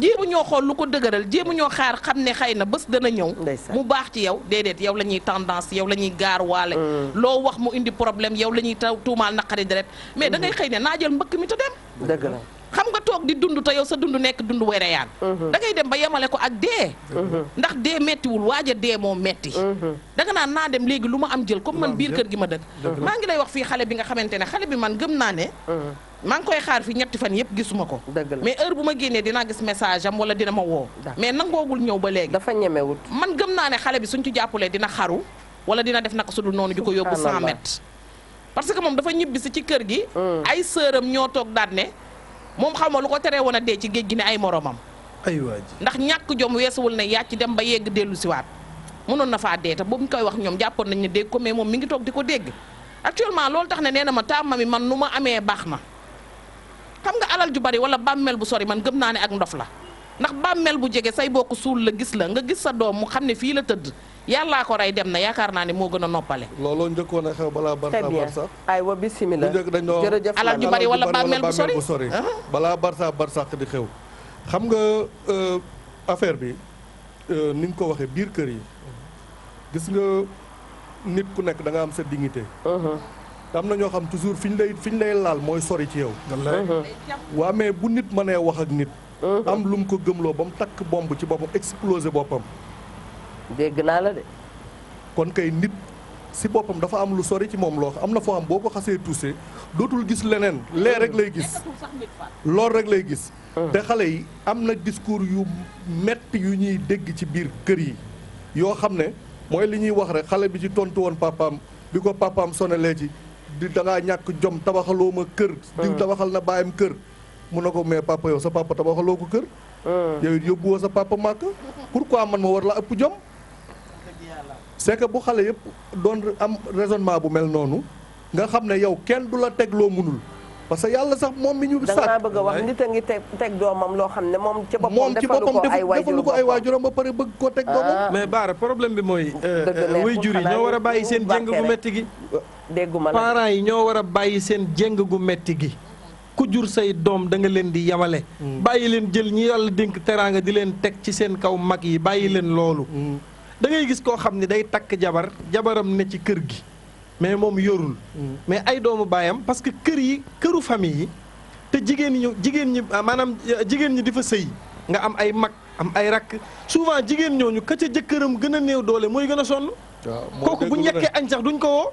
Speaker 4: jéemu ñoo xool lu ko dëgëral jéemu ñoo xaar xam ne xëy na bés dana ñëw mu baax ci yow déedéet yow la ñuy tendance yow la ñuy gaar waale mm. loo wax mu indi problème yow la ñuy taw tuumaal naqari deret mais mm-hmm. da ngay xëy ne naa jël mbëkk mi te dem dëgg la xam nga toog di dund te yow sa dund nekk dund wereyaan mhm. da ngay dem ba yemale ko ak dee mhm. ndax dee mettiwul waaj a dee moo metti mhm. da nga naan naa dem léegi lu ma am jël comme man biir kër gi ma dëkk maa ngi lay wax fii bi nga xamante ne xale bi man gëm naa ne ngi koy xaar fi ñetti fan yëpp gisuma ko mais heure bu ma génnee dina gis message am wala dina ma woo mais nangoogul ñëw ba léegi dafa ñemewut man gëm naa ne xale bi suñ ci jàppulee dina xaru wala dina def naka sudul noonu ju ko yóbbu 100 mètres parce que moom dafa ñibbisi ci kër gi mm. ay sëram ñoo toog daat ne moom xaw ma lu ko teree woon a dee ci géej gi ne ay moromam. ndax ñàkk jom weesuwul ne yàcc dem ba yegg dellu siwaat mënoon na faa dee te boobu ñu koy wax ñoom jàppoon nañ ne dégg ko mais moom mi ngi toog di ko dégg actuellement loolu tax ne nee na ma taamami man nu ma amee baax na xam nga alal ju bari wala bàmmeel bu sori man gëm naa ne ak ndof la ndax bàmmeel bu jege say bokk suul la gis la nga gis sa doom mu xam ne fii la tëdd yàllaa ko rey dem na yaakaar naa ne moo gën a noppale looloo
Speaker 3: njëkkoon a xew balaa
Speaker 4: barsa barsa
Speaker 3: ay wa bismillah njëkk dañ doon alal ju bari wala bàmmeel bu sori sori balaa barsa barsa di xew xam nga euh, affaire bi euh, ni ko waxee biir kër yi gis nga nit ku nekk da nga am sa dignité am na ñoo xam toujours fi ñu lay fi laal mooy sori ci yow waa mais bu nit mënee wax ak nit Mm-hmm. am lu mu ko gëmloo ba mu takk bomb ci boppam explosé boppam. dégg naa la de. kon kay nit si boppam dafa am lu sori ci moom loo am na foo xam boo ko xasee touché dootul gis leneen lee rek lay gis. lool rek lay gis. Mm. te xale yi am na discours yu mett yu ñuy dégg ci biir kër yi yoo xam ne mooy li ñuy wax rek xale bi ci tontu woon papaam bi ko papaam sonalee ci di da ñàkk jom tabaxaloo ma kër. Mm. diw tabaxal na baayam kër. mun na ko mais papa yow sa papa tabaxaloo ko kër. Hmm. yow it yóbbuwoo sa papa màkk. pourquoi man ma war la ëpp jom. c'est que bu xale yëpp doon am raisonnement bu mel noonu nga xam ne yow kenn du la teg loo munul. parce que yàlla sax moom mi ñu. sàkk bëgg wax nit a ngi teg teg doomam loo xam ne moom. ci boppam defalu ko ay waajuram ba pare bëgg ko teg doomam. Ah. mais
Speaker 2: Baara problème bi mooy. Euh, euh, waajur yi ñoo war a bàyyi seen jëng gu metti gi. dégguma la parents yi ñoo war a bàyyi seen jëng gu metti gi. ku jur say doom da nga leen di yamale mm. bàyyi leen jël ñi yàlla dénk teraanga di leen teg ci seen kaw mag yi bàyyi leen loolu mm. da ngay gis koo xam ne day takk jabar jabaram ne ci kër gi mais moom yorul mm. mais ay doomu baayam parce que kër yi këru famille yi te jigéen ñi jigéen ñi ah, maanaam eh, jigéen ñi di fa sëy nga am ay mag am ay rakk souvent jigéen ñooñu ka ca jëkkëram gën a néew doole mooy gën a sonn
Speaker 5: kooku bu ñekkee añ
Speaker 2: sax duñ ko woo.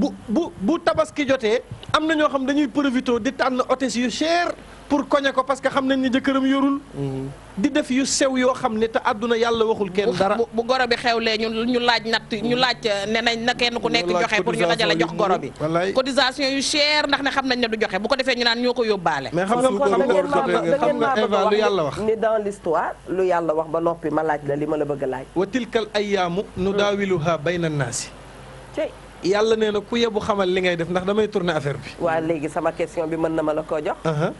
Speaker 2: bu bu bu tabaski jotee am na ñoo xam dañuy profité di tànn hôtesse yu cher pour koñe ko parce que xam nañ ni jëkkëram yorul. Mm-hmm. di def yu sew yoo xam ne te àdduna yàlla waxul kenn dara bu goro bi
Speaker 4: xewlee ñu ñu laaj natt
Speaker 2: ñu laaj eh, ne nañ na kenn ku
Speaker 4: nekk joxe pour ñu dajale jox goro bi cotisation yu cher ndax ne xam nañ ne du joxe bu ko defee ñu naan ñoo ko yóbbaale mais xam nga xam nga Eva lu yàlla wax
Speaker 1: ni dans l'histoire lu yàlla wax ba noppi
Speaker 2: ma laaj la li ma la bëgg a laaj wa tilkal ayyaamu nu daawiluha bayna naasi yàlla nee na ku yebu xamal li ngay def ndax damay tourner affaire bi waa léegi sama question bi mën na ma la ko jox
Speaker 5: uh-huh.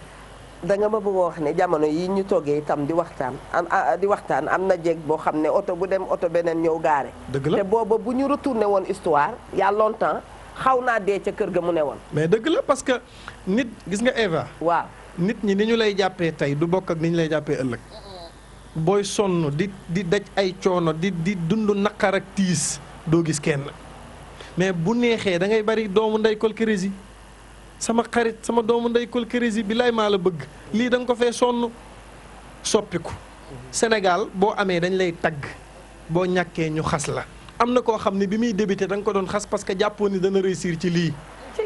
Speaker 1: da nga ma bëgg wax ne jamono yi ñu toggee itam di waxtaan am ah, di waxtaan am na jeeg boo xam ne oto bu dem oto beneen ñëw gaare dëgg la te booba bu ñu retourné woon histoire y a longtemps xaw naa dee ca kër ga mu ne woon
Speaker 2: mais dëgg la parce que nit gis nga Eva waaw nit ñi ni ñu lay jàppee tey du bokk ak ni ñu lay jàppee ëllëg booy sonn di di daj ay coono di di dund naqar ak tiis doo gis kenn mais bu neexee da ngay bari doomu ndey kolkérés sama xarit sama doomu ndey kol kërési bi lay maa la bëgg lii da nga ko fee sonn soppiku Sénégal boo amee dañ lay tagg boo ñàkkee ñu xas la am na koo xam ni bi muy débuté da nga ko doon xas parce que jàppoon ni dana réussir ci lii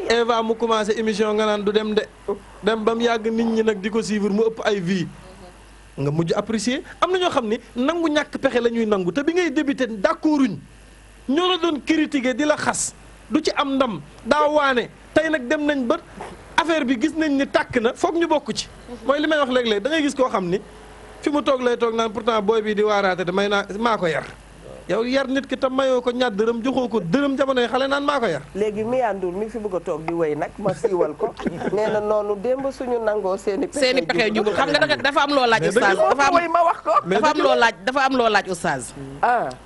Speaker 2: Eva mu commencé émission nga naan du dem de dem ba mu yàgg nit ñi nag di ko suivre mu ëpp ay vie nga mujj apprécier am na ñoo xam ni nangu ñàkk pexe la ñuy nangu te bi ngay débuté d'accorduñ ñoo la doon critiquer di la xas du ci am ndam daa waane tey nag dem nañ ba affaire bi gis nañ ni tàkk na foog ñu bokk ci. mooy li may wax léeg-léeg da ngay gis koo xam ni fi mu toog lay toog naan pourtant booy bii di waaraate may naa maa ko yar. yow yar nit ki te mayoo ko ñaar dërëm joxoo ko dërëm jamonoy xale naan maa ko yar léegi miyaanduur mi fi bëgg a toog di wéy nag ma siiwal ko nee na noonu démb suñu
Speaker 4: nangoo seen seen i pexe jugul xam nga dafa am loo laaj oustaz dafa ah. ma
Speaker 2: wax ko am loo laaj
Speaker 4: dafa am laaj oustaz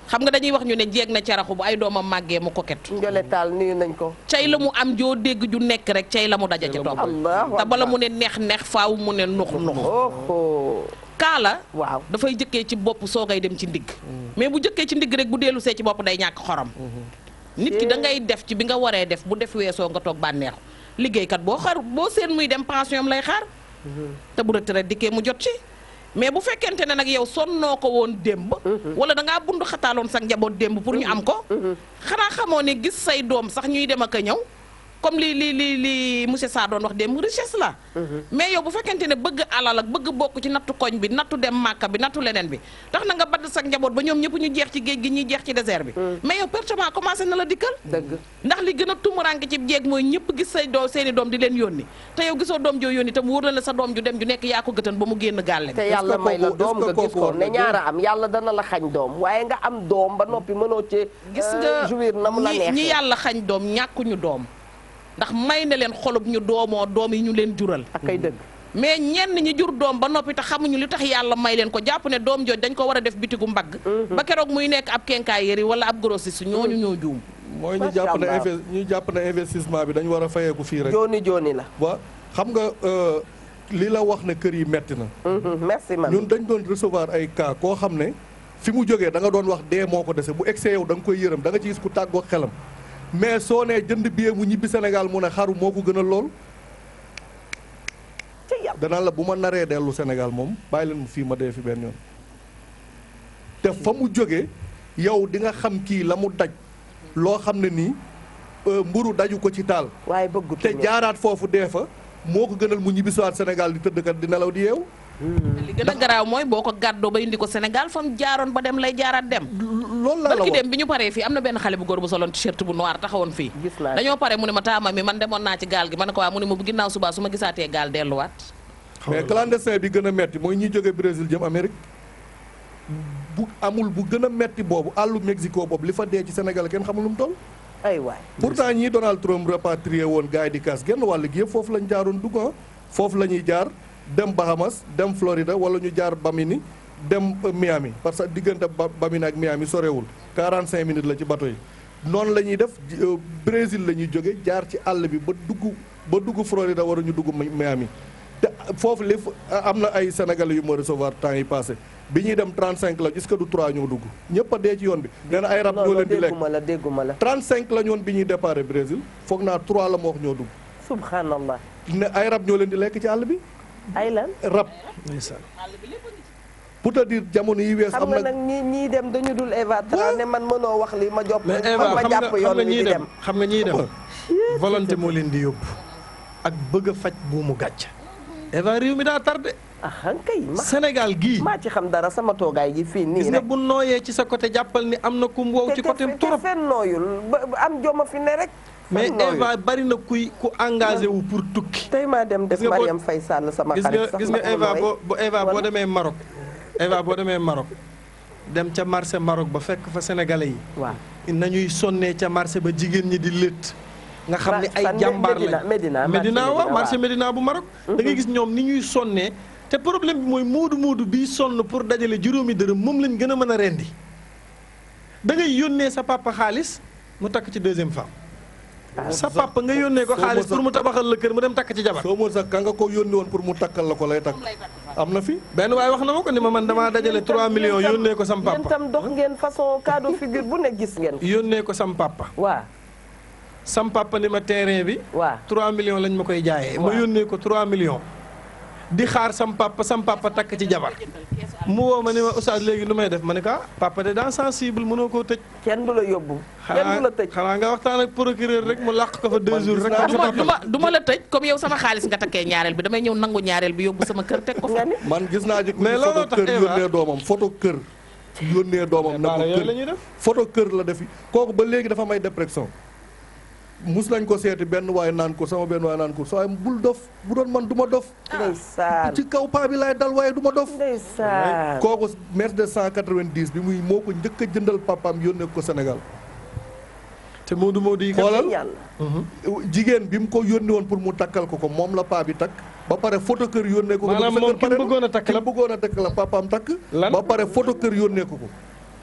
Speaker 4: xam nga dañuy wax ñu ne jéeg na caraxu bu ay doomam màggee mu koket njoletaal nuyu nañ ko cay la mu am joo dégg ju nekk rek cay la mu daja ca topp te bala mu ne neex neex faaw mu ne nux nux kaala waaw dafay jëkkee ci bopp soogay dem ci ndigg mm-hmm. mais bu jëkkee ci ndigg rek bu dellu see ci bopp day ñàkk xorom mm-hmm. nit ki da ngay def ci bi nga waree def bu def weesoo nga toog bànneexu liggéeykat boo xar boo seen muy dem pension lay xaar mm-hmm. te bu retraite dikkee mu jot ci mais bu fekkente ne nag yow sonnoo ko woon démb wala da ngaa bund xataaloon sax njaboot démb pour ñu am ko xanaa xamoo ne gis say doom sax ñuy dem ak ñëw comme lii li li li monsieur Sarr doon wax démb richesse la. Mm-hmm. mais yow bu fekkente ne bëgg alal ak bëgg bokk ci nattu koñ bi nattu dem màkka bi nattu leneen bi tax na nga badd sa njaboot ba ñoom ñëpp ñu jeex ci géej gi ñuy jeex ci désert bi. Mm. mais yow pertement commencé na la dikkal. a tumuraanke ci jeeg mooy ñëpp gis say doo seeni doom di leen yónni te yow gisoo doom joo yónni tam wóor na la sa doom ju dem ju nekk yaa ko gëtan ba mu génn gàlle. te yàlla may la doom nga gis ko ne ñaara
Speaker 1: am yàlla dana la xañ doom waaye nga am doom ba noppi mënoo ci. gis euh, nga jouir na mu la neexee ñi yàlla
Speaker 4: doom ñàkkuñu doom ndax may na leen xolub ñu doomoo doom yi ñu leen jural ak ay dëgg mais ñenn ñi jur doom ba noppi te xamuñu li tax yàlla may leen ko jàpp ne doom jooj dañ ko war a def bitigu mbagg mhm. ba keroog muy nekk ab kenkaay yëri wala ab grossiste ñooñu ñoo juum
Speaker 5: mooy ñu jàpp ne
Speaker 3: ñu jàpp ne investissement bi dañ war a fayeeku fii rek jooni jooni la waa xam nga euh, li la wax ne kër yi metti na mhm, merci ma ñun dañ doon recevoir ay cas koo xam ne fi mu jógee danga doon wax dee moo ko dese bu egsee yow da nga koy yërëm da nga ci gis ku tàggoo xelam mais soo nee jënd billet mu ñibbi senegal mu ne xaru moo ko gënal lool. danaan la bu ma naree dellu senegal moom bàyyi leen mu fii ma dee fi benn yoon. te fa mu jóge yow di nga xam kii la mu daj. loo xam ne nii euh, mburu daju ko ci taal. waaye bëggu te jaaraat foofu dee fa moo ko gënal mu ñibbi ñibbisiwaat
Speaker 4: senegal di tëdd kat di nelaw di yeew. li gën a garaaw mooy boo ko gàddoo ba ndi ko Sénégal fa mu jaaroon ba dem lay jaaraat dem. lool la la dem bi ñu paree fii am na benn xale bu gor bu soloon t-shirt bu noir taxawoon fii. dañoo pare mu ne ma taama mi man demoon naa ci gaal gi ma ne ko waa mu ne ma bu ginnaaw subaa su gisaatee gaal delluwaat.
Speaker 3: mais clandestin bi gën a metti mooy ñi jóge Brésil jëm Amérique. bu amul bu gën a metti boobu àllu Mexico boobu li fa dee ci Sénégal kenn xamul lu mu toll. ay waay pourtant ñi Donald Trump rapatrié woon gars yi di kaas genn wàll gi yëpp foofu lañ jaaroon dugg ah. foofu la ñuy jaar dem Bahamas dem Florida wala ñu jaar Bamini dem euh, Miami parce que diggante Bamini ak Miami sorewul cinq minutes la ci bato yi. noonu la ñuy def euh, Brésil la ñuy jóge jaar ci àll bi ba dugg ba dugg Florida wara ñu dugg Miami te foofu li am na ay senegal yu ma recevoir temps yi passé bi ñuy dem 35 la est-ce que du 3 ñoo dugg ñëpp a dee ci yoon bi. nee na ay rab ñoo leen di lekk la dégguma la la ñoon bi ñuy déparé Brésil foog naa 3 la ma wax ñoo dugg. subhanallah ne ay rab ñoo leen di lekk ci àll bi.
Speaker 1: ay lan
Speaker 5: rab.
Speaker 3: pour te jamono yi
Speaker 1: wees am na xam nga nag ñii dem dañu dul Eva Tra ne man mënoo wax li ma jàpp. mais Eva xam nga xam nga dem
Speaker 2: xam nga ñiy dem. volonté moo leen di yóbbu. ak bëgg a faj buumu gàcc. Eva réew mi daa tardé. ah kay Sénégal gii. maa ci xam dara sama toogaay gi fii nii rek. bu nooyee ci sa côté jàppal ni am na ku wow ci côté. trop te am joma fi ne rek. mais Eva bari na kuy ku engagé wu pour tukki. tey maa dem def Mariam Faye
Speaker 1: Sall sama xarit sax gis nga Eva boo boo
Speaker 2: Eva boo demee Maroc. Eva boo demee Maroc dem ca marché Maroc ba fekk fa sénégalais yi. waaw nañuy sonnee ca marché ba jigéen ñi di létt. nga xam ne ay jàmbaar lañ Medina Medina waaw marché Medina bu Maroc. Mhm. da ngay gis ñoom ni ñuy sonnee. te problème bi mooy moodu moodu bii sonn pour dajale juróomi dërëm moom lañ gën a mën a rendi da yónnee sa papa xaalis mu takk ci deuxième femme. Ah, sa papa nga yónnee ko xaalis pour mu tabaxal la kër mu dem takk ci jabar soo moon sax nga ko yónni woon pour mu takkal la ko lay takk am na fi benn waaye wax na ma ko ni ma man damaa dajale 3 millions yónnee ko sam papa yéen
Speaker 1: tam dox ngeen façon cadeau figure bu ne gis ngeen
Speaker 2: yónnee ko sam papa waaw sam papa ni ma terrain bi waaw 3 millions lañ ma koy jaayee ma yónnee ko 3 millions di xaar sam papa sam papa takk ci jabar mu woo ma ne ma oustaz léegi lu may def ma ne ko ah, papa de dans sensible mënoo koo tëj. kenn du la yóbbu. kenn du la tëj xanaa nga waxtaan ak procureur rek mu làq ko fa deux jours rek. du ma
Speaker 4: du la tëj comme yow sama xaalis nga takkee ñaareel bi damay ñëw nangu ñaareel bi yóbbu sama kër teg ko fa.
Speaker 3: man gis naa ji. mais looloo tax kër yónnee doomam photo kër. yónnee doomam nangu kër photo kër la defi kooku ba léegi dafa may dépression. mus nañ ko seeti benn waay naan ko sama benn waay naan ko soo bul dof bu doon man du ma dof. ci kaw paa bi laay dal waaye duma ma dof. kooku mètre de cent quatre vingt bi muy moo ko njëkk a jëndal papaam yónnee ko senegal te Modou Modou yi yàlla mhm. jigéen bi mu ko yónni woon pour mu takkal ko ko moom la paa bi takk. ba pare photo kër yónnee ko ko. maanaam moom ki mu bëggoon a takk la bëggoon a takk la papaam takk. lan ba pare photo kër yónnee ko ko.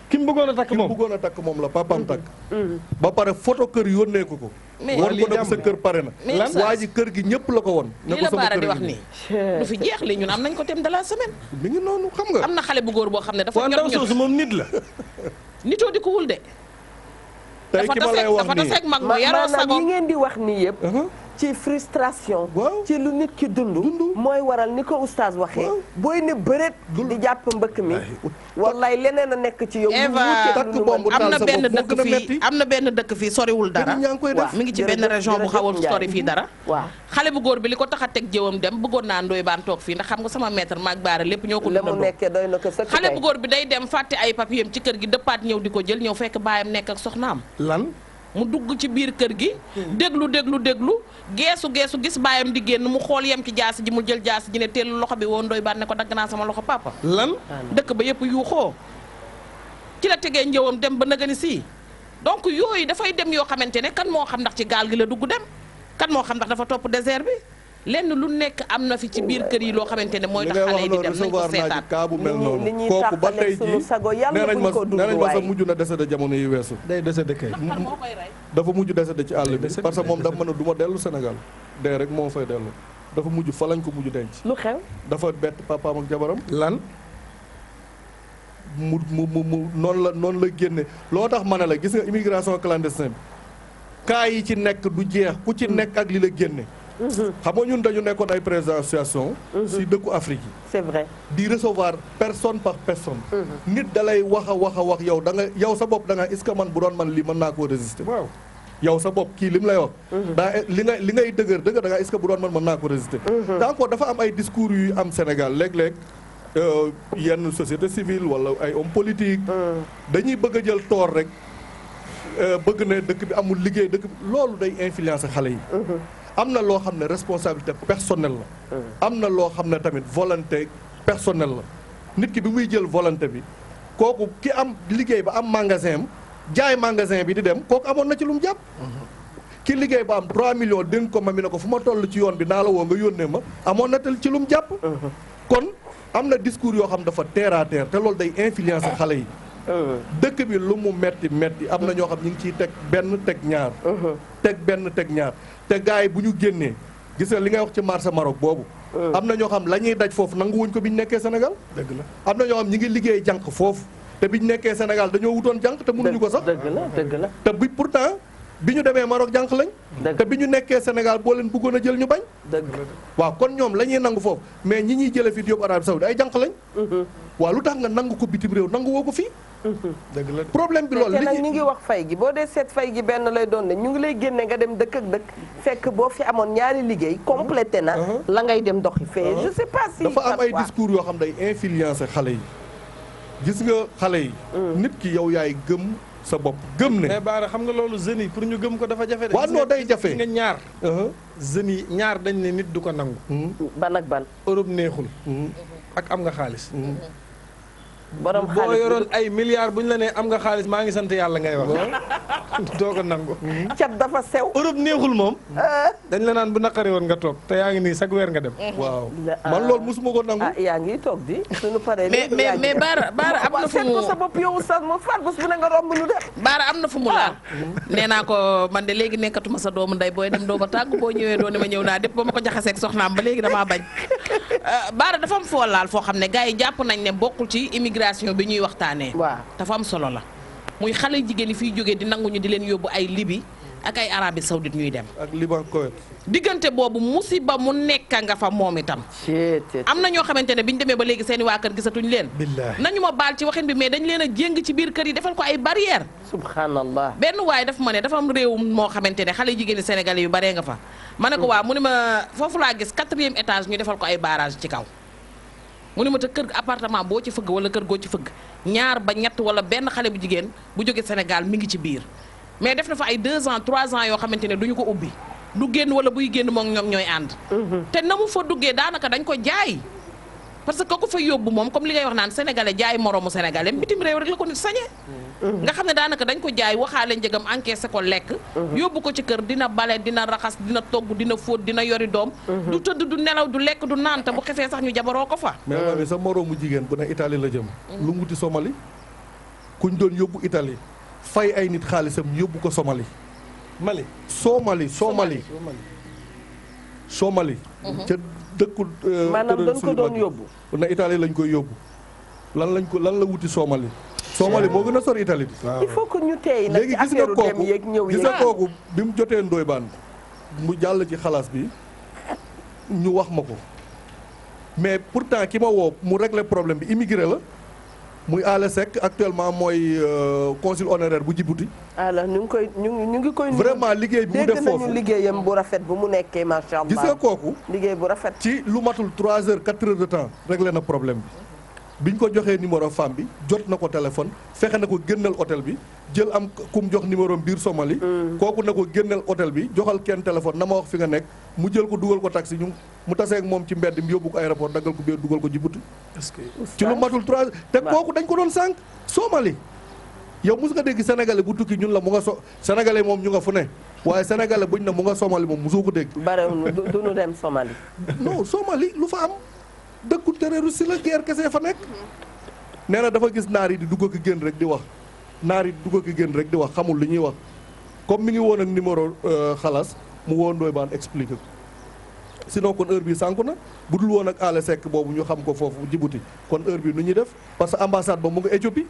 Speaker 3: ki bëggoon a takk moom bëggoon a takk moom la papaam mhm. takk. Mhm. ba pare photo kër yónnee ko ko. góor bu dem sa kër pare na waa ji kër gi ñëpp la ko woon ne ko sama di wax nii
Speaker 4: du fi jeex li ñun am nañ ko thème de la semaine mi ngi noonu xam nga am na xale bu góor boo xam ne dafa ndaw soosu moom nit la nitoo di ko wul de
Speaker 2: tey ki ma lay wax nii dafa dafa mag mu
Speaker 5: yaroo sago maanaam
Speaker 1: ngeen di wax nii yëpp uh-huh. ci frustration ci lu nit ki dund mooy waral ni ko oustaz waxee booy ne bëreet di jàpp mbëkk mi wallaay leneen a nekk ci yow am na benn dëkk fii
Speaker 4: am na benn dëkk fii soriwul dara
Speaker 1: mi ngi ci benn région bu xaw a sori fii dara
Speaker 4: xale bu góor bi li ko tax a teg jëwam dem bëggoon naa ndooy baan toog fii ndax xam nga sama maître maag baara lépp ñoo ko xale bu góor bi day dem fàtte ay papiyam ci kër gi dëppaat ñëw di ko jël ñëw fekk baayam nekk ak soxnaam lan mu dugg ci biir kër gi hmm. déglu déglu déglu geesu geesu gis baayam di génn mu xool yem ci jaasi ji mu jël jaasi ji ne teelu loxo bi woon doy baat ne ko dagg naa sama loxo papa lan dëkk ba yëpp yuuxoo ci la tegee njëwam dem ba nagani sii donc yooyu dafay dem yoo xamante ne kan moo xam ndax ci gaal gi la dugg dem kan moo xam ndax dafa topp désert bi lenn lu nekk am na fi ci biir kër yi loo xamante ne mooy tax xale yi di dem nañ ko seetaat kaa bu mel noonu kooku ba tey jii nee nañ ma nee nañ ma
Speaker 3: sa weesu day desede kay dafa mujj desede ci àll bi parce que moom dafa mën a du ma dellu Sénégal dee rek moo fay dellu dafa mujj fa lañ ko mujj denc lu xew dafa bett papaam ak jabaram lan mu la noonu la génne loo tax ma ne la gis nga immigration clandestine bi kaa yi ci nekk du jeex ku ci nekk ak li la génne xam nga ñun dañu nekkoon ay présentation si dëkku Afrique yi. c'est di recevoir personne par personne. Mhm. nit da lay wax a wax a wax yow da nga yow sa bopp dangaa nga est-ce man bu doon man lii mën naa koo résister. waaw yow sa bopp kii lim lay wax. Mhm. daa li ngay li ngay dëgër dëgër da nga bu doon man mën naa ko résister. Mhm. te encore dafa am ay discours yu am Sénégal léeg-léeg. Euh, yenn société civile wala ay homme politique. dañuy bëgg a jël toor rek euh, bëgg ne dëkk bi amul liggéey dëkk bi loolu day influencer xale yi. am na loo xam ne responsabilité personnel la. Mm. am na loo xam ne tamit volonté personnel la nit ki bi muy jël volonté bi kooku ki am liggéey ba am magasin am jaay magasin bi di dem kooku amoon na ci lu mu jàpp. Mm-hmm. ki liggéey ba am 3 millions dénk ko ma mi ne ko fu ma toll ci yoon bi naa la woo nga yónnee ma amoon na ci lu mu jàpp. Mm-hmm. kon am na discours yoo xam dafa terre à terre te loolu day influencer xale yi. dëkk bi lu mu metti metti am na ñoo xam ñu ngi ciy teg benn teg ñaar. Uh-huh. teg benn teg ñaar te gars yi bu ñu génnee gis li ngay wax ci marché Maroc boobu. Uh-huh. am na ñoo xam la ñuy daj foofu nanguwuñ ko bi ñu nekkee Sénégal. dëgg la am na ñoo xam ñi ngi liggéey jànq foofu te bi ñu nekkee Sénégal dañoo wutoon jànq te mënuñu ko sax. dëgg la dëgg la te bu bi pourtant. bi ñu demee Maroc jànq lañ. te bi ñu nekkee Sénégal boo leen bëggoon a jël ñu bañ. waaw kon ñoom la ñuy nangu foofu mais ñi ñuy jëlee fii di yóbbu Arabie Saoudi ay jànq lañ. Mm-hmm. waa lu tax nga nangu ko bitim réew nangu woo ko fii. Mm-hmm. dëgg la problème bi loolu. li nag ñu ngi wax fay gi boo dee seet fay gi benn lay doon ne ñu ngi lay
Speaker 1: génne nga dem dëkk ak dëkk fekk boo fi amoon ñaari liggéey complété na. Mm-hmm. la ngay dem doxi fee je sais pas si. dafa
Speaker 3: am ay discours yoo xam day influencer xale yi nga xale yi.
Speaker 2: Mm. nit ki yow yaay gëm sa bopp gëm ne mais Baara xam nga loolu jeunes yi pour ñu gëm ko dafa jafe de. waaw non day jafe nga ñaar. Uh-huh. jeunes yi ñaar dañ ne nit du ko nangu. ban ak ban. Europe neexul. Mm-hmm. ak am nga xaalis. Mm-hmm. borom boo yoroon ay milliards bu ñu la nee am nga xaalis maa ngi sant yàlla ngay wax. doo ko nangu. cat dafa sew. Europe neexul moom. Eh? dañ la naan bu naqari woon nga toog te yaa ngi nii chaque weer nga dem. Eh. waaw ah. man
Speaker 1: loolu ah, yaa ngi toog di suñu paree. mais mais mais Baara Baara am na fu mu sa bopp
Speaker 4: yow sax ma faat bés bu ne nga romb ñu dem. Baara am na fu mu ah. laal. nee naa ko man de léegi nekkatuma sa doomu nday booy dem doo ma tàgg boo ñëwee doo ne ma ñëw naa dépp ba ma ko jaxaseeg soxnaam ba léegi damaa bañ. Eh, Baara dafa am foo laal foo xam ne gars yi jàpp nañ ne bokkul ci immigré immigration bi ñuy waxtaanee. waaw dafa am solo la. muy xale jigéen yi fiy jógee di nangu ñu di leen yóbbu ay libi ak ay Arabie Saoudite ñuy dem. ak Liban Koweït. diggante boobu musiba mu nekk nga fa moom itam. am na ñoo xamante ne bi ñu demee ba léegi seen waa kër gisatuñ leen. nañu ma baal ci waxin bi mais dañ leen a jéng ci biir kër yi defal ko ay barrière subhanallah benn waaye daf ma ne dafa am réew moo xamante ne xale jigéeni sénégalais yu baree nga fa. ma ne ko hmm. waa mu ne foofu laa gis quatrième étage ñu defal ko ay barrage ci kaw. mu ne ma te kër appartement boo ci fëgg wala kër goo ci fëgg ñaar ba ñett wala benn xale bu jigéen bu jóge Sénégal mi ngi ci biir mais def na fa ay 2 ans 3 ans yoo xamante ne duñu ko ubbi du génn wala buy génn moom ñoom ñooy ànd. Mm-hmm. te na mu fa duggee daanaka dañ ko jaay. parce que ku fa yóbbu moom comme li ngay wax naan sénégalais jaay moroomu sénégalais bitim réew rek la ko nit sañee. nga xam ne daanaka dañ ko jaay waxaale njëgam encaissé ko lekk yóbbu ko ci kër dina bale dina raxas dina togg dina fóot dina yori doom du tëdd du nelaw du lekk du naan te bu xefee sax ñu jabaroo ko fa
Speaker 3: mais maam sa moroomu jigéen bu ne Italie la jëm lu wuti Somali kuñ doon yóbbu Italie fay ay nit xaalisam yóbbu ko Somali Mali Somali Somali Somali ca dëkku euh, maanaam dañ ko yóbbu na Italie lañ koy yóbbu lan lañ ko lan la wuti Somali soo Somalie moo gën a sori Italie bi. il faut
Speaker 1: que ñu tey nag ci affaire dem yeeg ñëw gis nga kooku
Speaker 3: bi mu jotee Ndoye baan mu jàll ci xalaas bi ñu wax ma ko mais pourtant ki ma woo mu régler problème bi immigré la muy Alé Seck actuellement mooy euh, consul honoraire bu Djibouti. alors ñu ngi koy ñu ñu ngi koy. vraiment liggéey bi mu def foofu dégg nañu liggéeyam
Speaker 1: bu rafet bu mu nekkee
Speaker 3: macha allah. gis nga kooku liggéey bu rafet. ci lu matul trois heures 4 heures de temps réglé na problème bi. bi ñu ko joxee numéro femme bi jot na ko téléphone fexe na ko génnal hôtel bi jël am ku mu jox numéro biir Somali. Mm. kooku na ko génnal hôtel bi joxal kenn téléphone na ma wax fi nga nekk mu jël ko dugal ko taxi ñu mu taseeg moom ci mbedd mi yóbbu ko aéroport daggal ko biir dugal ko Djibouti. ci lu matul trois te kooku dañ ko doon sànq Somali. yow mus nga dégg sénégalais bu tukki ñun la mu nga so sénégalais moom ñu nga fu ne waaye sénégalais buñ ne mu nga Somali moom musoo ko dégg. barewul du nu dem Somali. non Somali lu fa am. dëkku terroriste la guerre kese fa nekk nee na dafa gis naari di dugg ak génn rek di wax naar yi di dugg ak génn rek di wax xamul lu ñuy wax comme mi ngi woon ak numéro euh, xalaas mu woon dooy baan expliqué ko sinon kon heure bi sànku na bu dul woon ak Allé Seck boobu ñu xam ko foofu Djibouti kon heure bi nu ñuy def parce que ambassade ba mu nga Éthiopie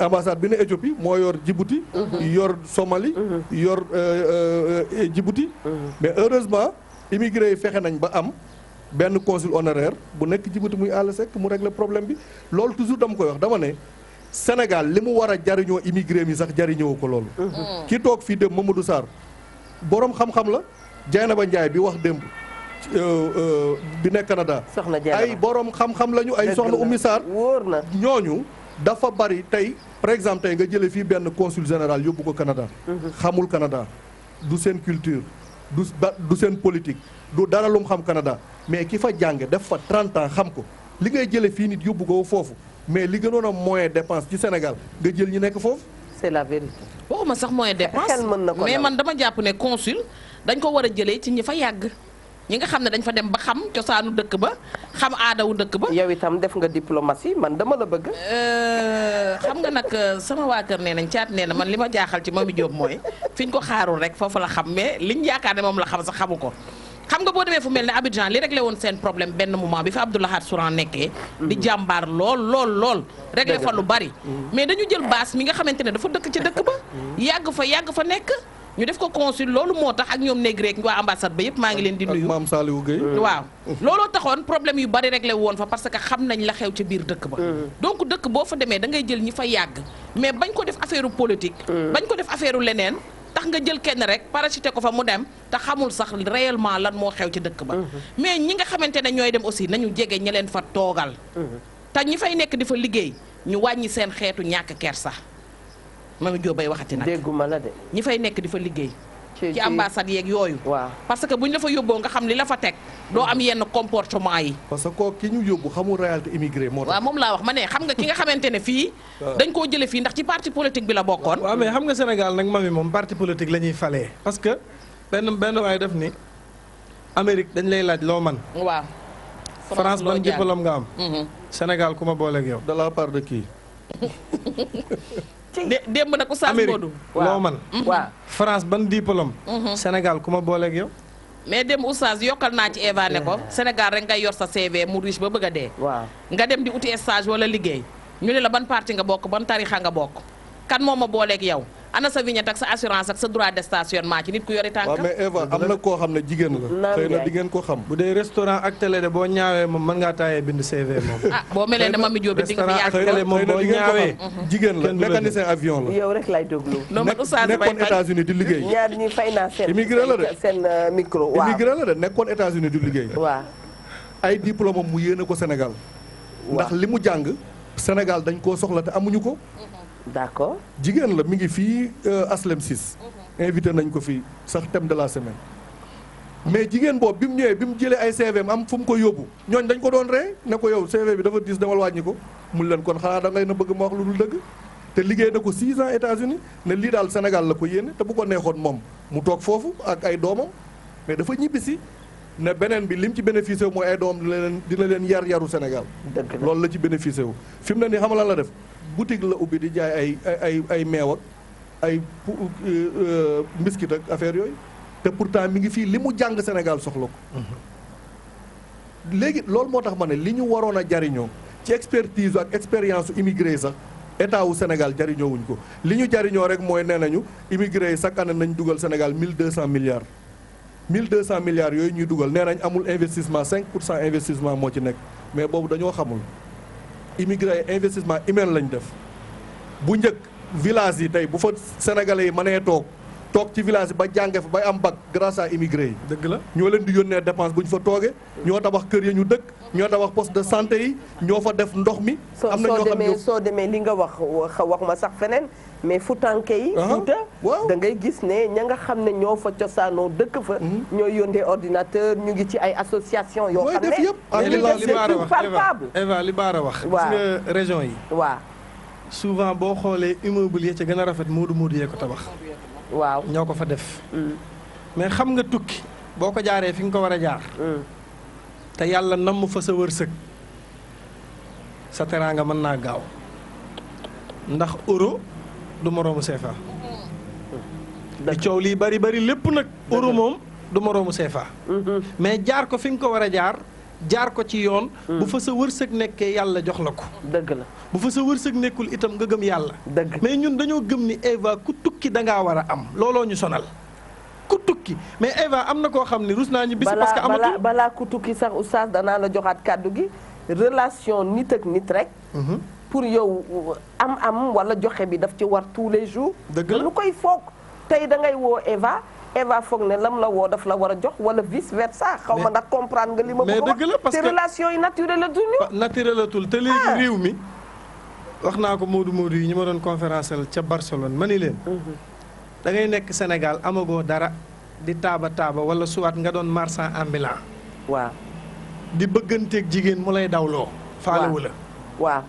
Speaker 3: ambassade bi ne Éthiopie moo yor Djibouti mhm. yor Somalie mhm. yor euh, euh, Djibouti mhm. mais heureusement immigré yi fexe nañ ba am benn consul honoraire bu nekk Djibouti muy àll Seck mu régler problème bi loolu toujours dama koy wax dama ne Sénégal li mu war a jariñoo immigré mi sax jariñoo ko loolu mm-hmm. mm. ki toog fii démb du saar boroom xam-xam la Dieynaba Ndiaye bi wax démb euh, euh, bi nekk Canada ay boroom xam-xam lañu ay soxla Oumy Sarr wóor na ñooñu dafa bari tey par exemple tey nga jëlee fii benn consul général yóbbu ko Canada mm-hmm. xamul Canada du seen culture du du seen politique du dara lu xam Canada mais ki fa jàng def fa 30 ans xam ko li ngay jëlee fii nit yóbbu ko foofu mais li gënoon a moyen dépense ci Sénégal nga jël ñu nekk foofu. c'est la vérité.
Speaker 4: waxuma sax moyen dépense mais man dama jàpp ne consul dañ ko war a jëlee ci ñi fa yàgg. ñi nga xam ne dañ fa dem ba xam cosaanu dëkk ba xam aadawu dëkk ba. yow itam def nga diplomatie man dama la bëgg. Euh, xam nga nag euh, sama waa kër nee nañ caat nee na man li ma jaaxal ci Mamy Diop mooy fi ñu ko xaarul rek foofu la xam mais liñ yaakaar ne moom la xam sax xamu ko. xam nga boo demee fu mel ni Abidjan li réglé woon seen problème benn moment bi fi Abdoulahat Souran nekkee. Mhm. di jàmbaar lool lool lool. réglé fa lu bari. Mhm. mais dañu jël baas mi nga xamante ne dafa dëkk ca dëkk ba. Mhm. yàgg fa yàgg fa nekk. ñu def ko consul loolu moo tax ak ñoom néeg rek waa ambassade ba yëpp maa ngi leen di nuyu maam
Speaker 3: Saliou Gueye euh, waaw
Speaker 4: looloo taxoon problème yu bari réglé woon fa parce que xam nañ la xew ca biir dëkk ba euh. donc dëkk boo fa demee da ngay jël ñi fa yàgg mais bañ ko def affaire politique euh. bañ ko def affaire leneen tax nga jël kenn rek parachuté ko fa mu dem te xamul sax réellement lan moo xew ci dëkk ba. Mhm. mais ñi nga xamante ne ñooy dem aussi nañu jege ña leen fa toogal. Mhm. te ñi fay nekk di fa liggéey ñu wàññi seen xeetu ñàkk ker kersa. Mami Diop bay waxati nag dégguma la de. ñi fay nekk di fa liggéey. ci ambassade yeeg yooyu. waaw parce que buñ la fa yóbboo nga xam li la fa teg. doo am yenn comportement yi. parce que kooku ki ñu yóbbu xamul réalité immigré moom laa wax ma ne xam nga ki nga xamante ne fii. Ah. dañ
Speaker 2: koo jëlee fii ndax ci parti politique bi la bokkoon. waaw mais xam nga Sénégal nag mami moom parti politique la falee. parce que benn benn waay def ni Amérique dañ lay laaj loo man
Speaker 4: waaw France ban diplôme nga am. Mhm.
Speaker 2: Sénégal ku ma booleeg yow. de la part de qui. démb na ko Sass Modou Amérique loo man mm-hmm. waaw France ban diplôme. Mm-hmm. Sénégal ku ma booleeg yow.
Speaker 4: mais dem oustaz yokkal naa ci Eva ne ko Sénégal rek ngay yor sa CV mu riche ba bëgga a dee. waaw nga dem di uti stage wala liggéey ñu ne la ban parti nga bokk ban tarixa nga bokk kan moo ma booleeg yow. ana sa vignette ak sa assurance sa droit de stationnement ci nit ku yori tànkam. waaw mais
Speaker 2: Eva am na koo xam ne jigéen la. xëy na di ngeen ko xam. bu dee restaurant ak télé de boo ñaawee moom mën ngaa bind CV moom. ah ñaawee mhm. jigéen la mécanicien avion di liggéey.
Speaker 1: ñaar ñi fay naa seen. immigré la de
Speaker 3: seen euh, micro waaw immigré la de nekkoon États-Unis di liggéey. ay diplôme mu yéene ko Sénégal ndax li mu jàng Sénégal dañ ko soxla te amuñu ko mhm. d'accord jigéen la mi ngi fii euh, aslem 6 invité nañ ko fii sax thème de la semaine mais jigéen boobu bi mu ñëwee bi mu jëlee ay CV am fu mu ko yóbbu ñooñ dañ ko doon ree ne ko yow CV bi dafa diis demal wàññi ko mun leen kon xanaa da ngay na bëgg ma wax lu dul dëgg te liggéey na ko 6 ans États-Unis ne lii daal Sénégal la ko yéene te bu ko neexoon moom mu toog foofu ak ay doomam mais dafa ñibbisi ne beneen bi lim ci bénéficié wu mooy ay doomam dina leen dina leen yar yaru Sénégal loolu la ci bénéficié wu fi mu ne nii xam la def boutique la ubbi di jaay ay ay ay meew ak ay mbiskit euh, euh, ak affaire yooyu te pourtant mi ngi fii li mu jàng Sénégal soxla ko mhm. léegi loolu moo tax ma ne li ñu waroon a jariñoo ci expertise ak expérience immigré sax état wu Sénégal jariñoo wuñ ko li ñu jariñoo rek mooy nee nañu immigré yi chaque année nañ dugal Sénégal 1200 milliards 1200 milliards yooyu ñuy dugal nee nañ amul investissement cinq pour cent investissement moo ci nekk mais boobu dañoo xamul immigré investissement humain lañ def bu njëkk village yi tey bu fa sénégalais yi nee toog toog ci village yi ba jàngee fa bay am bag grâce à immigré yi. dëgg la ñoo leen di yónnee dépense bu ñu fa toogee. ñoo wax kër ya ñu dëkk. ñoo wax poste de santé yi ñoo fa def ndox mi. am na ñoo xam ne
Speaker 1: soo demee li nga wax waxuma sax feneen. mais futanke yi Fouta da ngay gis ne ña nga xam ne ñoo fa cosaanoo dëkk fa mhm. ñoo yóndee ordinateur ñu ngi ci ay association yoo xam
Speaker 2: ne Eva li baara wax waaw gis nga yi waaw souvent boo xoolee immeuble yi gën a rafet moodu moodu yee ko tabax waaw ñoo ko fa def mm. xam nga tukki boo ko jaaree fi nga ko war a jaar mm. te yàlla namm fa sa wërsëg sa teraanga mën naa gaaw ndax euro du moroomu CFA. li hmm. coow lii bari bari lépp nag. euro moom du moroomu CFA. Hmm. mais jaar ko fi nga ko war a jaar. jaar ko ci yoon. Hmm. bu fa sa wërsëg nekkee yàlla jox la ko. dëgg la bu fa sa wërsëg nekkul itam nga gëm yàlla. dëgg mais ñun dañoo gëm ni Eva ku tukki da ngaa war a am looloo ñu sonal. ku tukki mais Eva am na koo xam ne rus naa ñu bis. parce que amatul
Speaker 1: balaa ku tukki sax u oustaz danaa la joxaat kàddu gi relation nit ak nit rek. Mhm. pour yow am-am wala joxe bi daf ci war tous les jours. dëgg la lu koy foog tey dangay woo Eva. Eva foog ne lam la woo daf la war a jox wala vice versa. xaw ma ndax comprendre nga li ma. bëgg a wax te relation
Speaker 2: yi naturel la tuñu. naturel la tul te léegi ah. réew mi. wax naa ko Modou Modou yi ñu ma doon conférence ca Barcelone ma ni leen. Mhm. da ngay nekk Sénégal amagoo dara di taaba taaba wala suwaat nga doon en ambulant. waa di bëgganteek jigéen mu lay dawloo. la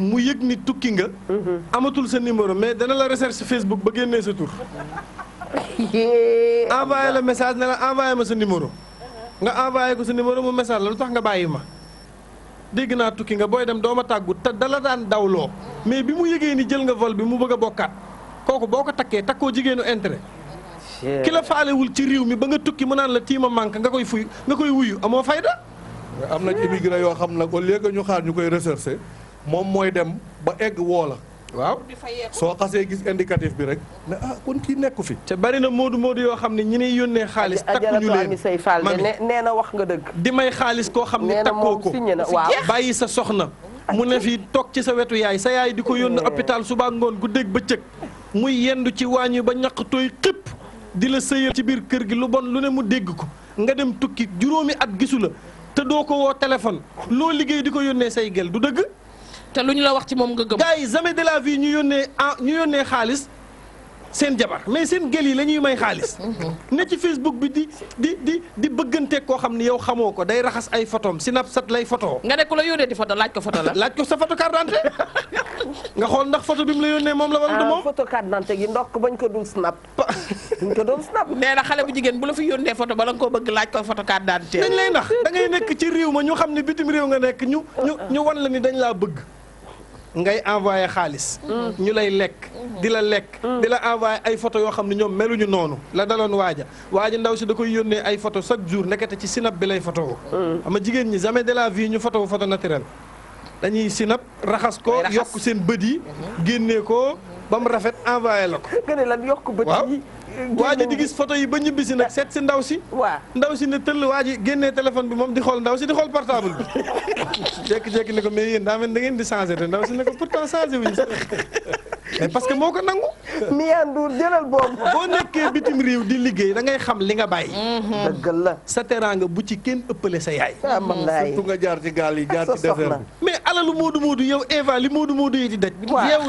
Speaker 2: mu yëg ni tukki nga. Mhm. amatul sa numéro mais dana la recherche Facebook ba génnee sa tur. envoyé la message ne la ma sa numéro. nga envoyé ko sa numéro mu message la lu tax nga bàyyi ma. dégg naa tukki nga booy dem doo ma tàggu te dala daan dawloo mais bi mu yëgee ni jël nga vol bi mu bëgg a bokkat kooku boo ko takkee takkoo jigéenu intérêt. ki la faalewul ci réew mi ba nga tukki mu naan la tiima manque nga koy fuy nga koy wuyu amoo fayda.
Speaker 3: am na immigré yoo xam nag au lieu que ñu ñu koy recherché. moom mooy dem ba egg
Speaker 2: woo la waaw soo xasee gis indicatif bi rek ne ah kon kii nekku fi. te bari na Moodu Moodu yoo xam ne ñi ne yónnee xaalis. takkuñu leen mami nee na wax nga dëgg. di may xaalis koo xam ne takkoo ko bàyyi sa soxna. mu ne fii toog ci sa wetu yaay sa yaay di ko yónn hôpital suba ngoon ba bëccëg. mu yendu ci waañu ba ñaq tooy xëpp di la sëyal ci biir kër gi lu bon lu ne mu dégg ko nga dem tukki juróomi at gisu la te doo ko woo téléphone loo liggéey di ko yónnee say gel du dëgg te lu ñu la wax ci moom nga gëm. gars yi jamais de la vie ñu yónnee ah, ñu yónnee xaalis seen jabar mais seen gël yi la ñuy may xaalis. ne ci Facebook bi di di di bëggante koo xam ne yow xamoo ko day raxas ay photom Snapchat lay photo nga ne ku la yónnee di photo laaj la. laaj ko sa photo carte d'identité nga xool ndax photo bi mu la yónnee moom la wala du ah, moom.
Speaker 1: photo carte d'identité gi ndokk bañ ko dul snap. duñ
Speaker 4: ko doon snap. nee xale bu jigéen bu la fi yónnee photo bala nga koo bëgg laaj ko photo carte d'identité. dañ lay ndax da ngay nekk
Speaker 2: ci réew ma ñu xam ne bitim réew nga nekk ñu ñu ñu la ni dañ laa bëgg ngay envoyé xaalis. Mhm. ñu lay lekk. di la lekk. Mhm. di la envoyé ay photo yoo xam ne ñoom meluñu noonu la daloon waaja waaja ndaw si da koy yónnee ay photo chaque jour nekkate ci sinap bi lay photo mhm. xam nga jigéen ñi jamais de la vie ñu photo photo naturel dañuy sinap raxas ko yokk seen bët yi. génnee ko ba mu rafet envoyé la ko. lan waa ji di gis photo yi ba ñibbi si nag seet si ndaw si waaw ndaw si ne tëll waa ji génnee téléphone bi moom di xool ndaw si di xool portable bi jékki-jékki ne ko mais yéen daa mel da ngeen di changé te ndaw si ne ko pourtant changé wuñu sax mais parce que moo ko nangu mianduur jëlal boobu boo nekkee bitim réew di liggéey da ngay xam li nga bàyyi mm-hmm. dëgg la sa teraanga bu ci kenn ëppale sa yaay ah, mm-hmm. surtout nga jaar ci gaal yi jaar ci désert mais alalu moodu moodu yow Eva li moodu moodu yi di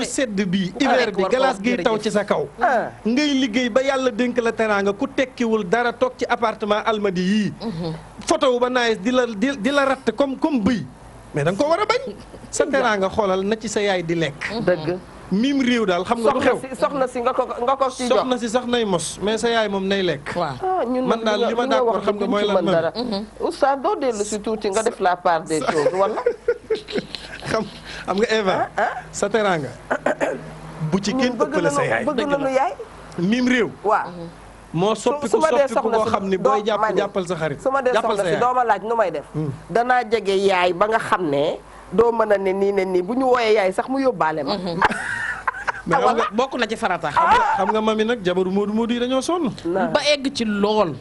Speaker 2: sedd bi hiver bi glace gi taw ci sa kaw ah. ngay liggéey ba yàlla dénk la teraanga ku tekkiwul dara toog ci appartement almadi yii. Mhm. photo wu ba naayes di la di di la ratt comme comme bëy mais da nga war a bañ. sa teraanga xoolal na ci sa yaay di lekk. Mhm. dëgg. mim réew daal xam nga lu xew soxna si nga ko nga ko ci jox soxna si sax nay mos mais sa yaay moom nay lekk. waaw ah, man daal li ma d'accord xam nga mooy lan man. Mhm.
Speaker 1: oustaz doo dellu si tuuti nga def la part des choses wala.
Speaker 2: xam xam nga Eva. Ah, ah. sa teraanga. bu ci kenn ëppale sa yaay bëgg na lu yaay. mim réew. waaw moo soppiku soppiku boo xam ni booy jàpp jàppal sa xarit. su ma dee soxna si doo ma
Speaker 1: laaj nu may def. Hmm. danaa jege yaay ba nga xam ne doo mën a ne nii ne nii bu ñu wooyee yaay sax mu yóbbaale
Speaker 5: ma. Hmm.
Speaker 2: mais bokk na ci farata. Ah! xam nga mi nag jabaru Modou Modou yi dañoo sonn. ba egg ci lool.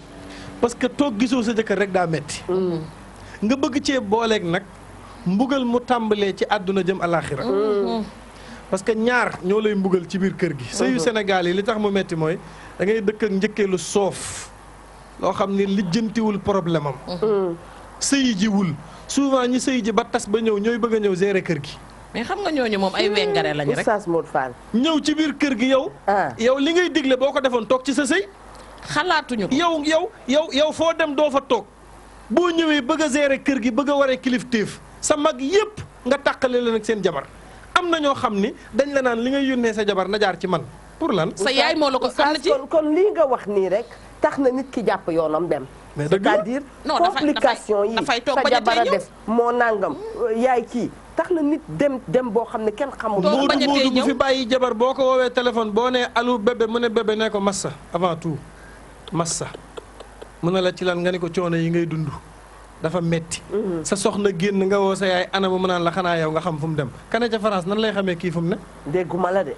Speaker 2: parce que toog gisoo sa jëkkër rek daa metti hmm. nga bëgg cee booleek nag mbugal mu tàmbalee ci àdduna jëm alaaxira parce que ñaar ñoo lay mbugal ci biir kër gi sëyu mhm. Sénégal yi li tax mu metti mooy da ngay dëkk ak njëkkeelu soof loo xam ne lijjantiwul problème am mhm. mhm. sëyi jiwul souvent ñi sëyi ji ba tas ba ñëw ñooy bëgg a ñëw gérer kër gi mais xam nga ñooñu moom ay wengare lañu rek Oustaz Modou Fall ñëw ci biir kër gi yow ah. yow li ngay digle boo ko defoon toog ci sa sëy xalaatuñu ko yow yow yow yow foo dem doo fa toog boo ñëwee bëgg a gérer kër gi bëgg a waree kilifteef sa mag yépp nga tàqale leen ak seen jabar am na ñoo xam ni dañ la naan li ngay yónnee sa jabar na jaar ci man pour lan. sa yaay moo la ko sànn ci kon lii nga wax
Speaker 1: nii rek tax na nit ki jàpp yoonam dem. mais dëgg la c'est-à-dire complication yi sa jabar a def
Speaker 2: moo nangam
Speaker 1: yaay kii. tax na nit dem dem boo xam ne kenn xamul. moodu moodu bu fi
Speaker 2: bàyyi jabar boo ko woowee téléphone boo nee allo bébé mu ne bébé nee ko massa avant tout massa mu ne la ci lan nga ne ko coono yi ngay dund. dafa metti mm-hmm. sa soxna génn nga woo sa yaay anam mu naan la xanaa yow nga xam fu mu dem kana ca France nan lay xamee kii fu mu ne. dégguma la de.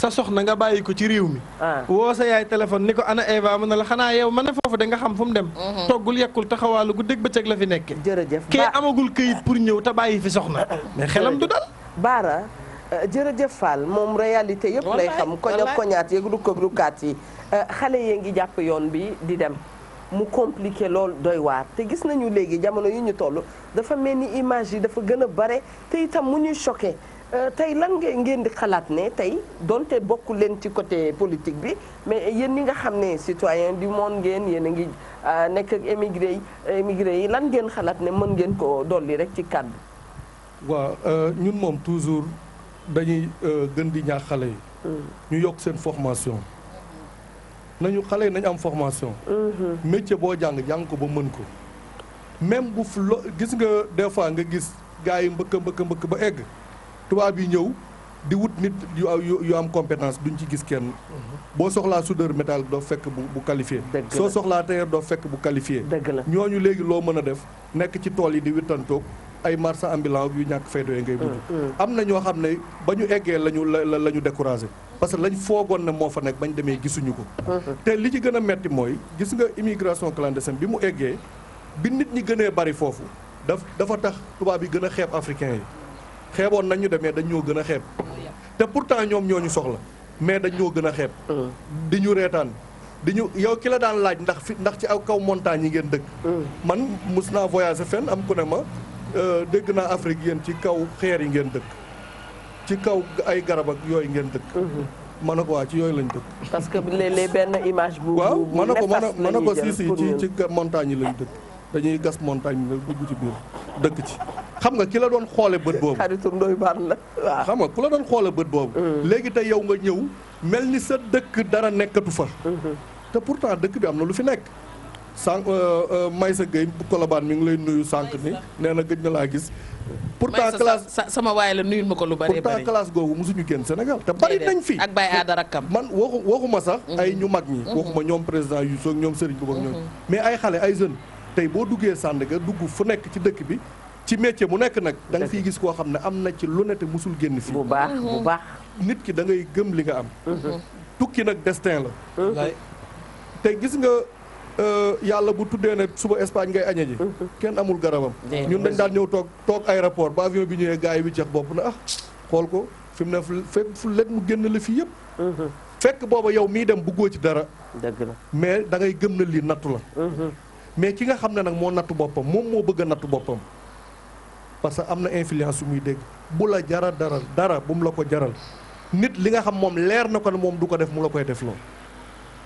Speaker 2: sa soxna nga bàyyi ko ci réew mi. Ah. woo sa yaay téléphone ni ko ana Eva mu ne la xanaa yow ma ne foofu de nga xam fu mu dem. Mm-hmm. toggul yekkul taxawaalu gu dégg bëccëg la fi nekke jërëjëf kee amagul këyit pour ñëw te bàyyi fi soxna. mais xelam du dal. Baara euh,
Speaker 1: jërëjëf Fall moom réalité yëpp lay xam. koña koñaat yeeg rukkaat yi euh, xale yee ngi jàpp yoon bi di dem. mu compliqué loolu doy waar te gis nañu léegi jamono yu ñu toll dafa mel ni image yi dafa gën a bare te itam mu ñuy choqué euh, tey lan ngay ngeen di xalaat ne tey donte bokk leen ci côté politique bi mais yéen yi nga xam ne citoyen bi monde ngeen yéen a ngi euh, nekk ak émigré yi émigré yi lan ngeen xalaat ne mën ngeen ko dolli rek ci kàddu.
Speaker 3: waaw euh, ñun moom toujours dañuy gën di ñaax xale yi. Hmm. ñu yokk seen formation. nañu xale yi nañu am formation. Mm-hmm. métier boo jàng jàng ko ba mën ko. même bu lo gis nga des fois nga gis gars yi mbëkk mbëkk mbëkk ba egg tubaab yi ñëw di wut nit yu am compétence duñ ci gis kenn. Mm-hmm. boo soxlaa soudeur métal doo fekk bu bu soo soxlaa tailleur doo fekk bu qualifié. ñooñu léegi loo mën a def nekk ci tool yi di wittantoog ay marchands ambulants yu ñàkk fey fayda ngay mujj mm, mm. am na ñoo xam ne ba ñu eggee la ñu la la ñu découragé parce que lañ foogoon ne moo fa nekk bañ demee gisuñu ko mm-hmm. te li ci gën a metti mooy gis nga immigration clandestine bi mu eggee bi nit ñi gënee bari foofu daf dafa tax tubaab yi gën a xeeb africain yi xeeboon nañ ñu demee dañ ñoo gën a xeeb te pourtant ñoom ñoo ñu soxla mais dañ ñoo gën a xeeb mm. di ñu reetaan di ñu yow ki la daan laaj ndax fi ndax ci aw kaw montagne yi ngeen dëkk man mus naa voyager fenn am ku ne ma Euh, dégg naa Afrique yéen ci kaw xeer yi ngeen dëkk ci kaw ay garab ak yooyu ngeen dëkk. ma ne ko waa ci yooyu lañ dëkk. parce que léeg-léeg benn image. bu bu waaw ma ne ko ma ne ko si si ci ci montagne yi lañ dëkk. dañuy gas montagne la dugg ci biir dëkk ci xam nga ki la doon xoole bët boobu xaritu ndoy baan la xam nga ku la doon xoole bët boobu mhm. léegi tey yow nga ñëw mel ni sa dëkk dara nekkatu fa mhm. te pourtant dëkk bi am na lu fi nekk sànq euh, euh, Maysa Gueye Colobane mi ngi lay nuyu sànq ni nee na gëj na laa gis. pour
Speaker 4: pourtant classe sama waaye la nuyul ma ko lu bari pourtant
Speaker 3: classe googu mosuñu génn Sénégal te bari nañ fi ak Baye Aada rakkam man waxu waxuma sax mhm. ay ñu mag ñi mhm. waxuma ñoom président Youssou ak ñoom Serigne Boubou ak ñoom mhm. mais ay xale ay jeunes tey boo duggee Sandaga dugg fu nekk ci dëkk bi ci métier mu nekk nag da nga fiy gis koo xam ne am na ci lu ne te mosul génn fii bu baax bu nit ki da ngay gëm li nga am tukki nag destin la tey gis nga Euh, yàlla bu tuddee ne suba Espagne ngay añee ji. kenn amul garabam. ñun dañ daan ñëw toog toog aéroport ba avion bi ñëwee gars yi bi jeex bopp na ah xool ko fi mu ne fekk fu let mu génn la fii yëpp. Mhm. fekk booba yow mii dem buggoo ci dara. dëgg la mais dangay ngay na lii nattu la. Mhm. mais ki nga xam ne nag moo nattu boppam moom moo bëgg a nattu boppam. parce que am na influence su muy dégg bu la jara dara dara bu mu la ko jaral nit li nga xam moom leer na ko ne moom du ko def mu la koy def lool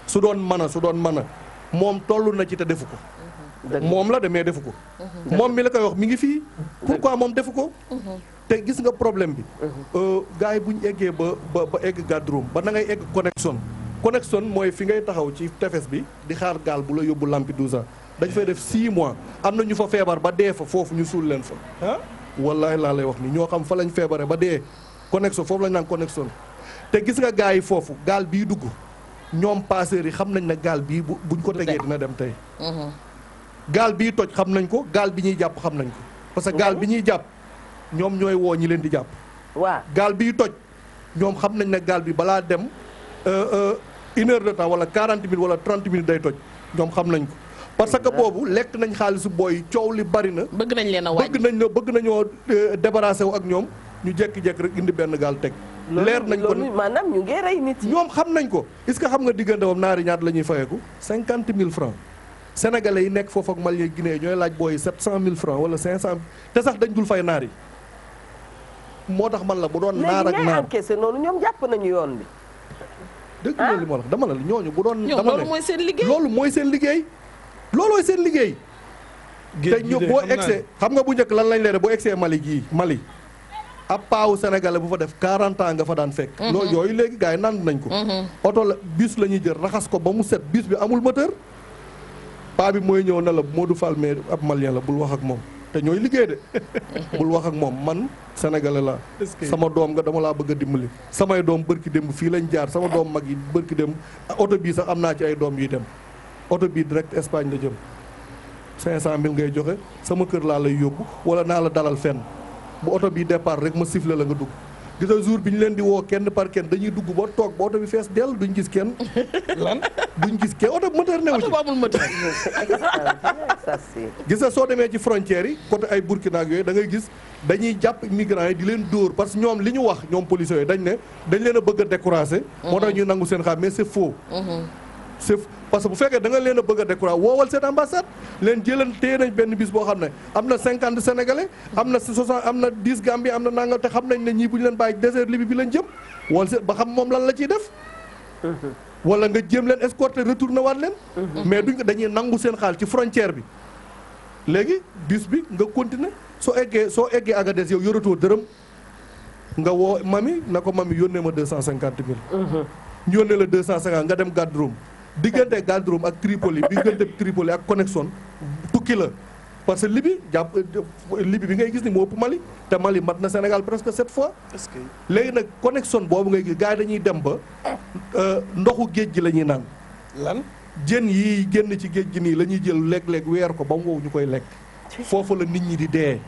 Speaker 3: su doon mën a su doon mën a moom tollu na ci te defu ko. moom la demee defu ko. moom mi la koy wax mi ngi fii. pourquoi moom defu ko. Mhm. te gis nga problème bi. Mhm. Euh, gars yi bu ñu eggee ba ba ba egg gàddurum ba na ngay egg connexion. connexion mooy fi ngay taxaw ci tefes bi di xaar gaal bu la yóbbu Lampedusa dañ fay def 6 mois am na ñu fa feebar ba dee fa foofu ñu suul leen fa. wallahi laa lay wax nii ñoo xam fa lañ feebaree ba dee connexion foofu lañ naan connexion te gis nga gars yi foofu gaal bii dugg. ñoom passeurs yi xam nañ ne gaal bii bu buñ ko tegee dina dem tey. Mhm. gaal bii toj xam nañ ko gaal bi ñuy jàpp xam nañ ko. parce que gaal bi ñuy jàpp ñoom ñooy woo ñi leen di jàpp. waaw gaal bii toj ñoom xam nañ ne gaal bi balaa dem euh, euh, une heure de temps wala 40 mille wala 30 mille day toj ñoom xam nañ ko. parce que boobu lekk nañ xaalisu booy coow li bari na. bëgg nañ leen a wàññi bëgg nañ bëgg nañoo euh, débarrassé wu ak ñoom ñu jékki-jékki rek indi benn gaal teg. leer nañ ko loolu maanaam ñu ngi rey nit ñoom xam nañ ko est-ce que xam nga diggante wam naari ñaata la ñuy fayeeku cinquante mille francs sénégalais yi nekk foofu ak Mali Guinée ñooy laaj booy sept cent mille francs wala cinq cent te sax dañ dul fay naar moo tax man la bu doon naar ak naar kese noonu ñoom jàpp nañu yoon bi dëgg la ah. li ma wax dama la ñooñu bu doon dama ne mooy seen liggéey loolu mooy seen liggéey loolooy seen liggéey te ñu boo egsee xam nga bu njëkk lan lañ leen boo egsee Mali gii Mali ab paawu sénégalais bu fa def 40 ans nga fa daan fekk. Mhm. loolu yooyu léegi gaa yi nand nañ ko. Mhm. oto la bus la ñuy jël raxas ko ba mu set bus bi amul moteur. paa bi mooy ñëw ne la Modou Fall mais ab malien la bul wax ak moom te ñooy liggéey de. bul wax ak moom man sénégalais la sama doom nga dama laa bëgg a dimbali. samay doom bërki démb fii lañ jaar sama doom mag yi bërki démb oto bii sax am naa ci ay doom yuy dem oto bii direct Espagne la jëm 500000 ngay joxe sama kër laa lay yóbbu wala naa la dalal fenn. bu oto bi départ rek ma siffle la nga dugg gis jour bi ñu leen di woo kenn par kenn dañuy dugg ba toog ba oto bi fees dell duñ gis kenn. lan duñ gis kenn oto moteur newu ci oto soo demee ci frontières yi côté ay Burkina ak yooyu da ngay gis dañuy jàpp migrants yi di leen dóor parce que ñoom li ñu wax ñoom policiers yi dañ ne dañ leen a bëgg a décourager. Mm-hmm. moo tax ñuy nangu seen xam mais c'est faux. Mm-hmm. c'est parce que bu fekkee da nga leen a bëgg a décourager woowal seen ambassade leen jëlan téye nañ benn bis boo xam ne am na cinquante sénégalais am na soixante am na dix gambie am na nanga te xam nañ ne ñii bu ñu leen bàyyi désert libi bi lañ jëm wool seen ba xam moom lan la ciy def wala nga jëm leen escorter retourné waat leen mais ñu ko dañuy nangu seen xaal ci frontière bi léegi bis bi nga continuer soo eggee soo eggee Agadez yow yoratoo dërëm nga woo mami na ko mami yónnee ma deux cent cinquante mille ñu mhm. yónnee la deux cent cinquante nga dem gàdduroom diggante Gadrum ak Tripoli diggante Tripoli ak connexion tukki la parce que Libye jàpp libi bi ngay gis ni moo ëpp Mali te Mali mat na Sénégal presque cet fois. léegi nag connexion boobu ngay gis gars dañuy dem ba euh, ndoxu géej gi la ñuy naan. lan jën yi génn ci géej gi nii la ñuy jël léeg-léeg weer ko ba mu wow ñu koy lekk. foofu la nit ñi di dee.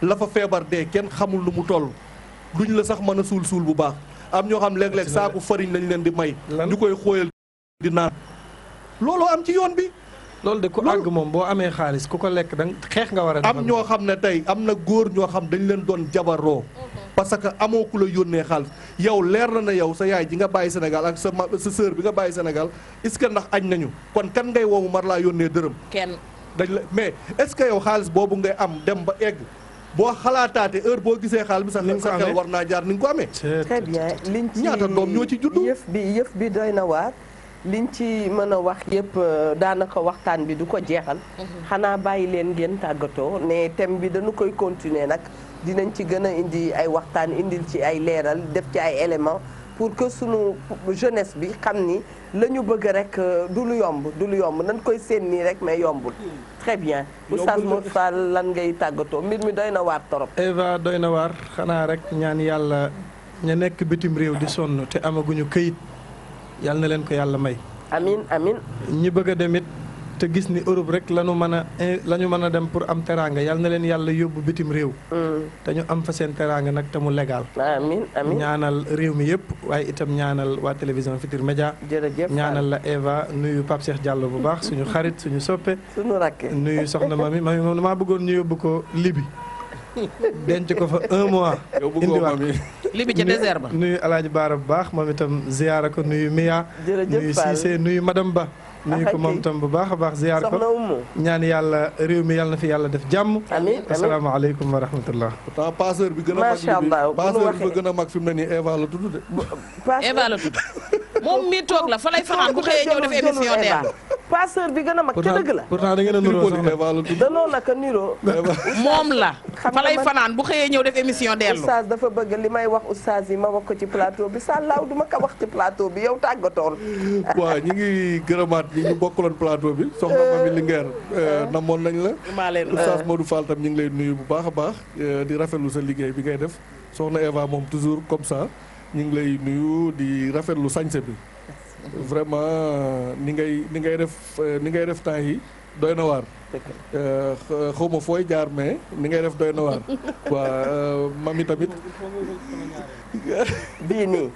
Speaker 3: la fa feebar dee kenn xamul lu mu toll duñ la sax mën a suul suul bu baax
Speaker 2: am ñoo xam léeg-léeg saaku fariñ lañ leen di may. ñu koy xóoyal di naan. looloo am ci yoon bi. loolu de ku àgg moom boo amee xaalis ku ko lekk da xeex nga war a. am ñoo xam
Speaker 3: ne tey am na góor ñoo xam dañ leen doon jabaroo. parce que amoo ku la yónnee xaalis yow leer na na yow sa yaay ji nga bàyyi Sénégal ak sa ma sa sœur bi nga bàyyi Sénégal est-ce que ndax añ nañu kon kan ngay woowu mar laa yónnee dërëm. kenn dañ la mais est-ce que yow xaalis boobu ngay am dem ba egg. boo xalaataate heure boo gisee xaalis bi sax sa xel war naa jaar ni nga ko amee. très bien liñ ci ñaata doom ñoo ci juddu. yëf bi yëf bi doy na waar. liñ ci mën a wax yépp
Speaker 1: euh, daanaka waxtaan bi du ko jeexal. Mhm. xanaa bàyyi leen ngeen tàggatoo ne thème bi dañu koy continuer nag dinañ ci gën a indi ay waxtaan indil ci ay leeral def ci ay éléments pour que sunu jeunesse bi xam ni la ñu bëgg rek euh, du lu yomb du lu yomb nañ koy seen nii rek mais yombul. Hmm. très bien oustaz Modou Fall lan ngay tàggatoo
Speaker 2: mbir mi doy na waar torop. Eva doy na waar xanaa rek ñaan yàlla ña nekk bitim réew di sonn te amaguñu këyit. yàlla na leen ko yàlla may. amiin amiin. ñi bëgg a dem it te gis ni Europe rek la ñu mën a la ñu mën a dem pour am teraanga yàlla na leen yàlla yóbbu bitim réew. Mm. te ñu am fa seen teraanga nag te mu légal. amiin amiin ñaanal réew mi yëpp waaye itam ñaanal waa télévision Futurs Médias. jërëjëf ñaanal la Eva nuyu Pape Cheikh Diallo bu baax suñu xarit suñu soppe. suñu rakk nuyu soxna mami mami moom damaa bëggoon ñu yóbbu ko Libi.
Speaker 5: denc ko fa un mois. indiwaat li bi ci désert ba.
Speaker 2: nuyu El Hadj Baara bu baax moom itam ziyaara ko nuyu Mia. nuyu Cissé nuyu madame Ba. nuyu ko moom tam bu baax a baax ziyaar ko ñaan yàlla réew mi yàlla fi yàlla def jàmm amiin asalaamaaleykum wa rahmatullah
Speaker 3: pourtant passeur bi gën a mag passeur bi gën a
Speaker 2: mag fi mu ne nii Eva la tudd de
Speaker 4: Eva la tudd moom mii toog la fa lay fanaan bu xëyee ñëw def émission deel
Speaker 1: passeur bi gën
Speaker 4: a mag
Speaker 2: ca dëgg la pourtant da ngeen a nuroo sax Eva la tudd danoo niroo
Speaker 4: moom
Speaker 1: la fa lay fanaan bu xëyee ñëw def émission dellu oustaz dafa bëgg li may wax oustaz yi ma wax ko ci plateau bi sa laaw du ma wax ci plateau bi yow tàggatoon
Speaker 3: waaw ñi ngi gërëmaat ñi bokk bokkaloon plateau bi soxna euh. Mami Linguère euh, namoon nañ la euh. Oustaz Modou Fall tam ñu ngi lay nuyu bu baax a baax di rafetlu sa liggéey bi ngay def soxna Eva moom toujours comme ça ñu ngi lay nuyu di rafetlu sañse bi vraiment ni ngay ni ngay def ni ngay def temps yi doy na waar xaw fooy jaar mais ni ngay def doy na waar waa mami tamit bii nii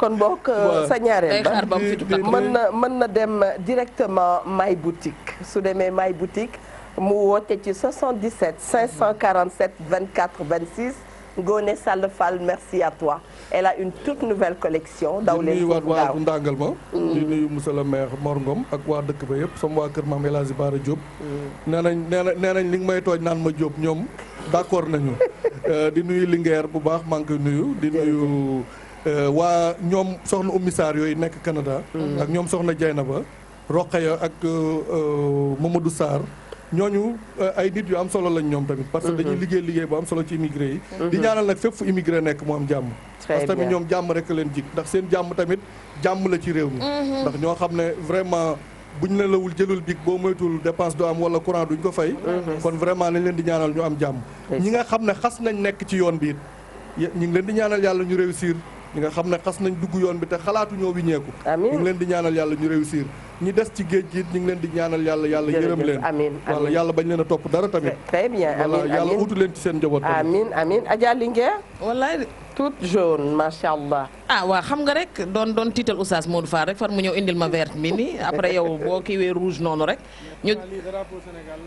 Speaker 3: kon bokk euh, sa mën na
Speaker 1: mën na dem directement my boutique su demee my boutique mu woote ci 77 547 24 26 Ngoné Sall Fall merci à toi elle a une toute nouvelle collection. daw leen foofu daaw waa bu
Speaker 3: ndàngal ma. Mm. di nuyu monsieur le maire ak waa dëkk ba yëpp sama waa kër maam El Hadj Baara jób nee nañ nee nañ li nga may tooj naan ma Diop ñoom d' nañu euh, di nuyu Linguère bu baax maa ngi koy nuyu di nuyu. Euh, waa ñoom soxna Oumy Sarr yooyu nekk Canada. Mm-hmm. ak ñoom soxna ba Dieynaba Roqaya ak euh, euh, Mamadou Sarr. ñooñu ay nit yu am solo lañ ñoom tamit. parce que dañuy mm-hmm. liggéey liggéey bu am solo ci immigré yi. di mm-hmm. ñaanal nag fépp fu immigré nekk moo am jàmm. parce que tamit ñoom jàmm rek leen jig ndax seen jàmm tamit jàmm la ci réew mi. ndax ñoo xam ne vraiment ñu ne lawul jëlul big boo moytul dépense du am wala courant duñ ko fay. kon vraiment nañ leen di ñaanal ñu am jàmm. ñi nga xam ne xas nañ nekk ci yoon bi ñu ngi leen di ñaanal yàlla ñu réussir. ñi nga xam ne xas nañ dugg yoon bi te xalaatu ñoo wiñeeku ñu ngi leen di ñaanal yàlla ñu réussir ñi des ci géej ngi leen di ñaanal yàlla yàlla yërëm leen amiin wala yàlla bañ leen a topp dara tamit très bien amiin yàlla utu leen ci seen njaboot
Speaker 1: amiin amiin Adja Linguère wallaay tout jaune macha allah
Speaker 4: ah waa xam nga rek doon doon tiital oustaz Modou Fall rek fan mu ñëw indil ma vert mi ni après yow boo kiiwee rouge noonu rek ñu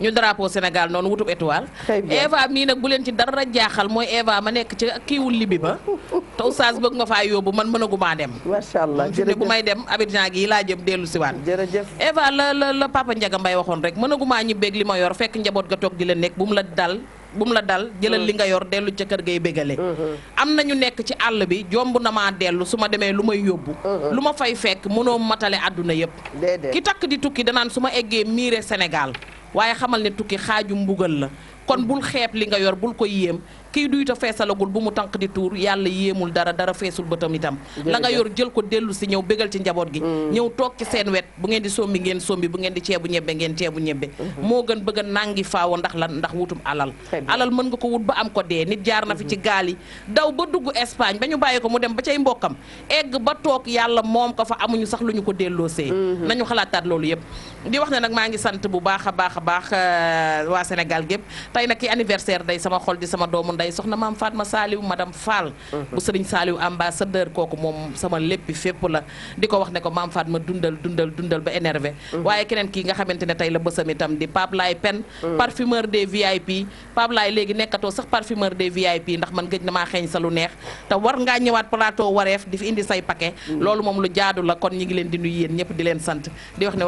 Speaker 4: ñu drapeau Sénégal noonu wutub étoile Eva mii nag bu leen ci dara jaaxal mooy Eva ma nekk ci kiiwul libi ba te oustaz bëgg ma faa yóbbu man mënagu maa dem macha allah bu may dem Abidjan laa jëm dellu siwaat jërëjëf Eva la la la papa Ndiaga Mbaye waxoon rek mënagumaa ñi béeg li ma yor fekk njaboot ga toog di la nekk bu mu la dal bu la dal jëlal li nga yor dellu ca kër gay bégale mm-hmm. am na ñu nekk ci àll bi jomb na maa dellu su ma demee lu may yóbbu mm-hmm. lu ma fay fekk mënoo matale àdduna yëpp ki takk di tukki danaan su ma eggee miire Sénégal waaye xamal ne tukki xaaju mbugal la kon bul xeeb li nga yor bul ko yéem kii duy ta feesalagul bu mu tànq di tuur yàlla yéemul dara dara feesul bëtam itam la nga yor jël ko dellu si ñëw bégal ci njaboot gi mm. ñëw toog ci seen wet bu ngeen di sombi ngeen sombi bu ngeen di ceebu ñebbe ngeen ceebu mm-hmm. moo gën bëgg a nangi faawo ndax lan ndax wutum alal alal mën nga ko wut ba am ko dee nit jaar na fi ci mm-hmm. gaal yi daw ba dugg Espagne ba ñu bàyyi ko mu dem ba cay mbokkam egg ba toog yàlla moom ko fa amuñu sax lu ñu ko delloosee mm-hmm. nañu xalaataat loolu yëpp di wax ne nag maa ngi sant bu baax a baax a baax euh, waa Sénégal gépp tey nag ki anniversaire day sama xol di sama doomu ndey soxna maam Fatma Saliou madame Fall mhm. bu sëriñ Saliou ambassadeur kooku moom sama léppi fépp la di ko wax ne ko maam Fatma dundal dundal dundal ba énervé mhm. waaye keneen kii nga xamante ne tey la bësam itam di Pape Laye Pen mhm. parfumeur des VIP Pape léegi nekkatoo sax parfumeur des VIP ndax man gëj na maa xeeñ sa lu neex te war ngaa ñëwaat plateau wareef di fi indi say paquet loolu moom lu jaadu la kon ñi ngi leen di nuyu yéen ñëpp di leen sant di wax ne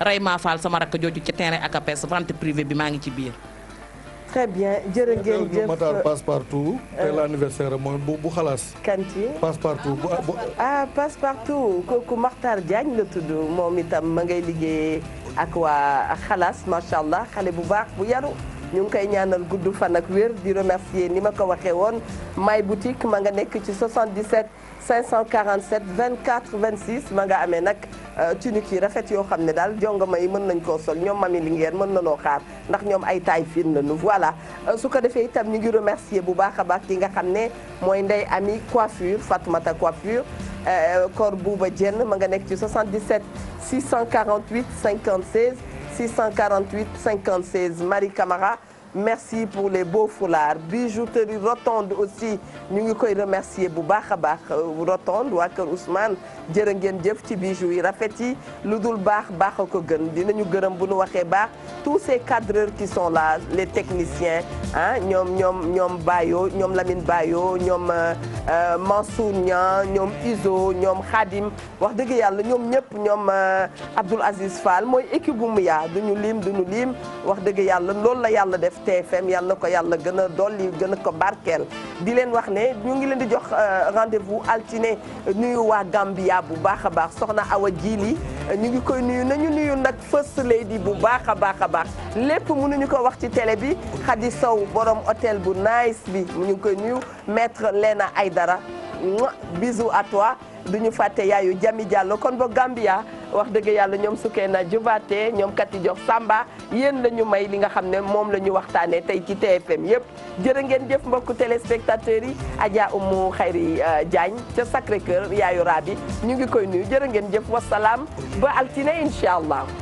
Speaker 4: waa Ndeye Ma Fall sama rakk jooju ci terrain ACAPES vente privée bi maa ngi ci biir.
Speaker 3: très bien jërë ngeen jëf Matar passe euh, l'anniversaire bu bu xalaas. kanti passe partout bu
Speaker 1: ah passe partout kooku Makhtar Diagne la tudd moom itam ma ngay liggéey ak waa xalaas macha allah xale bu baax bu yaru. ñu ngi koy ñaanal gudd fan ak wér di remercier ni ma ko waxe woon may boutique ma nga nekk ci 77 547 24 26 ma nga amee nag euh, tunique yi rafet yoo xam ne daal jongama yi mën nañ koo sol ñoom mami Linguère mën nanoo xaar ndax ñoom ay taay fiin nu voilà euh, su ko defee itam ñu ngi remercier bu baax a baax ki nga xam ne mooy Ndey Ami Coiffure Fatoumata Coiffure Kor euh, buuba jenn ma nga nekk ci 77 648 56 648 56 Marie Camara merci pour les beaux foulards bijouterie rotonde aussi ñu ngi koy remercier bu baax a baax euh, rotonde waa kër Ousmane jërë ngeen jëf ci bijoux yi rafet yi lu dul baax baax a ko gën dinañu gërëm bu nu waxee baax tous ces cadreurs qui sont là les techniciens ah ñoom ñoom ñoom Bayo ñoom Lamine Bayo ñoom euh, euh, Mansour Niang ñoom Iso ñoom Khadim wax dëgg yàlla ñoom ñëpp ñoom Abdoul Aziz Fall mooy équipe bu mu yaa duñu lim duñu lim wax dëgg yàlla loolu la yàlla def TFM yàlla ko yàlla gën a dolli gën ko barkeel di leen wax ne ñu ngi leen di jox euh, rendez-vous altine nuyu waa Gambia bu baax a baax soxna aw a Jili ñu ngi koy nuyu nañu nuyu nag first lady bu baax a baax a baax lépp mënuñu ko wax ci télé bi Khady Sow borom hôtel bu nice bi ñu ngi koy nuyu maître Lena Aydara bisous à toi du fàtte yaayu Jami Diallo kon ba Gambia wax dëgg yàlla ñoom Sukena Jubaate ñoom Kati Jox Samba yéen la ñu may li nga xam ne moom la ñu waxtaanee tey ci TFM yëpp jërë ngeen jëf mbokku téléspectateurs yi Adja Oumou Khayri euh, Diagne ca Sacré Cœur yaayu Rabi ñu ngi koy nuyu jërë ngeen jëf wasalaam ba altine incha
Speaker 5: allah.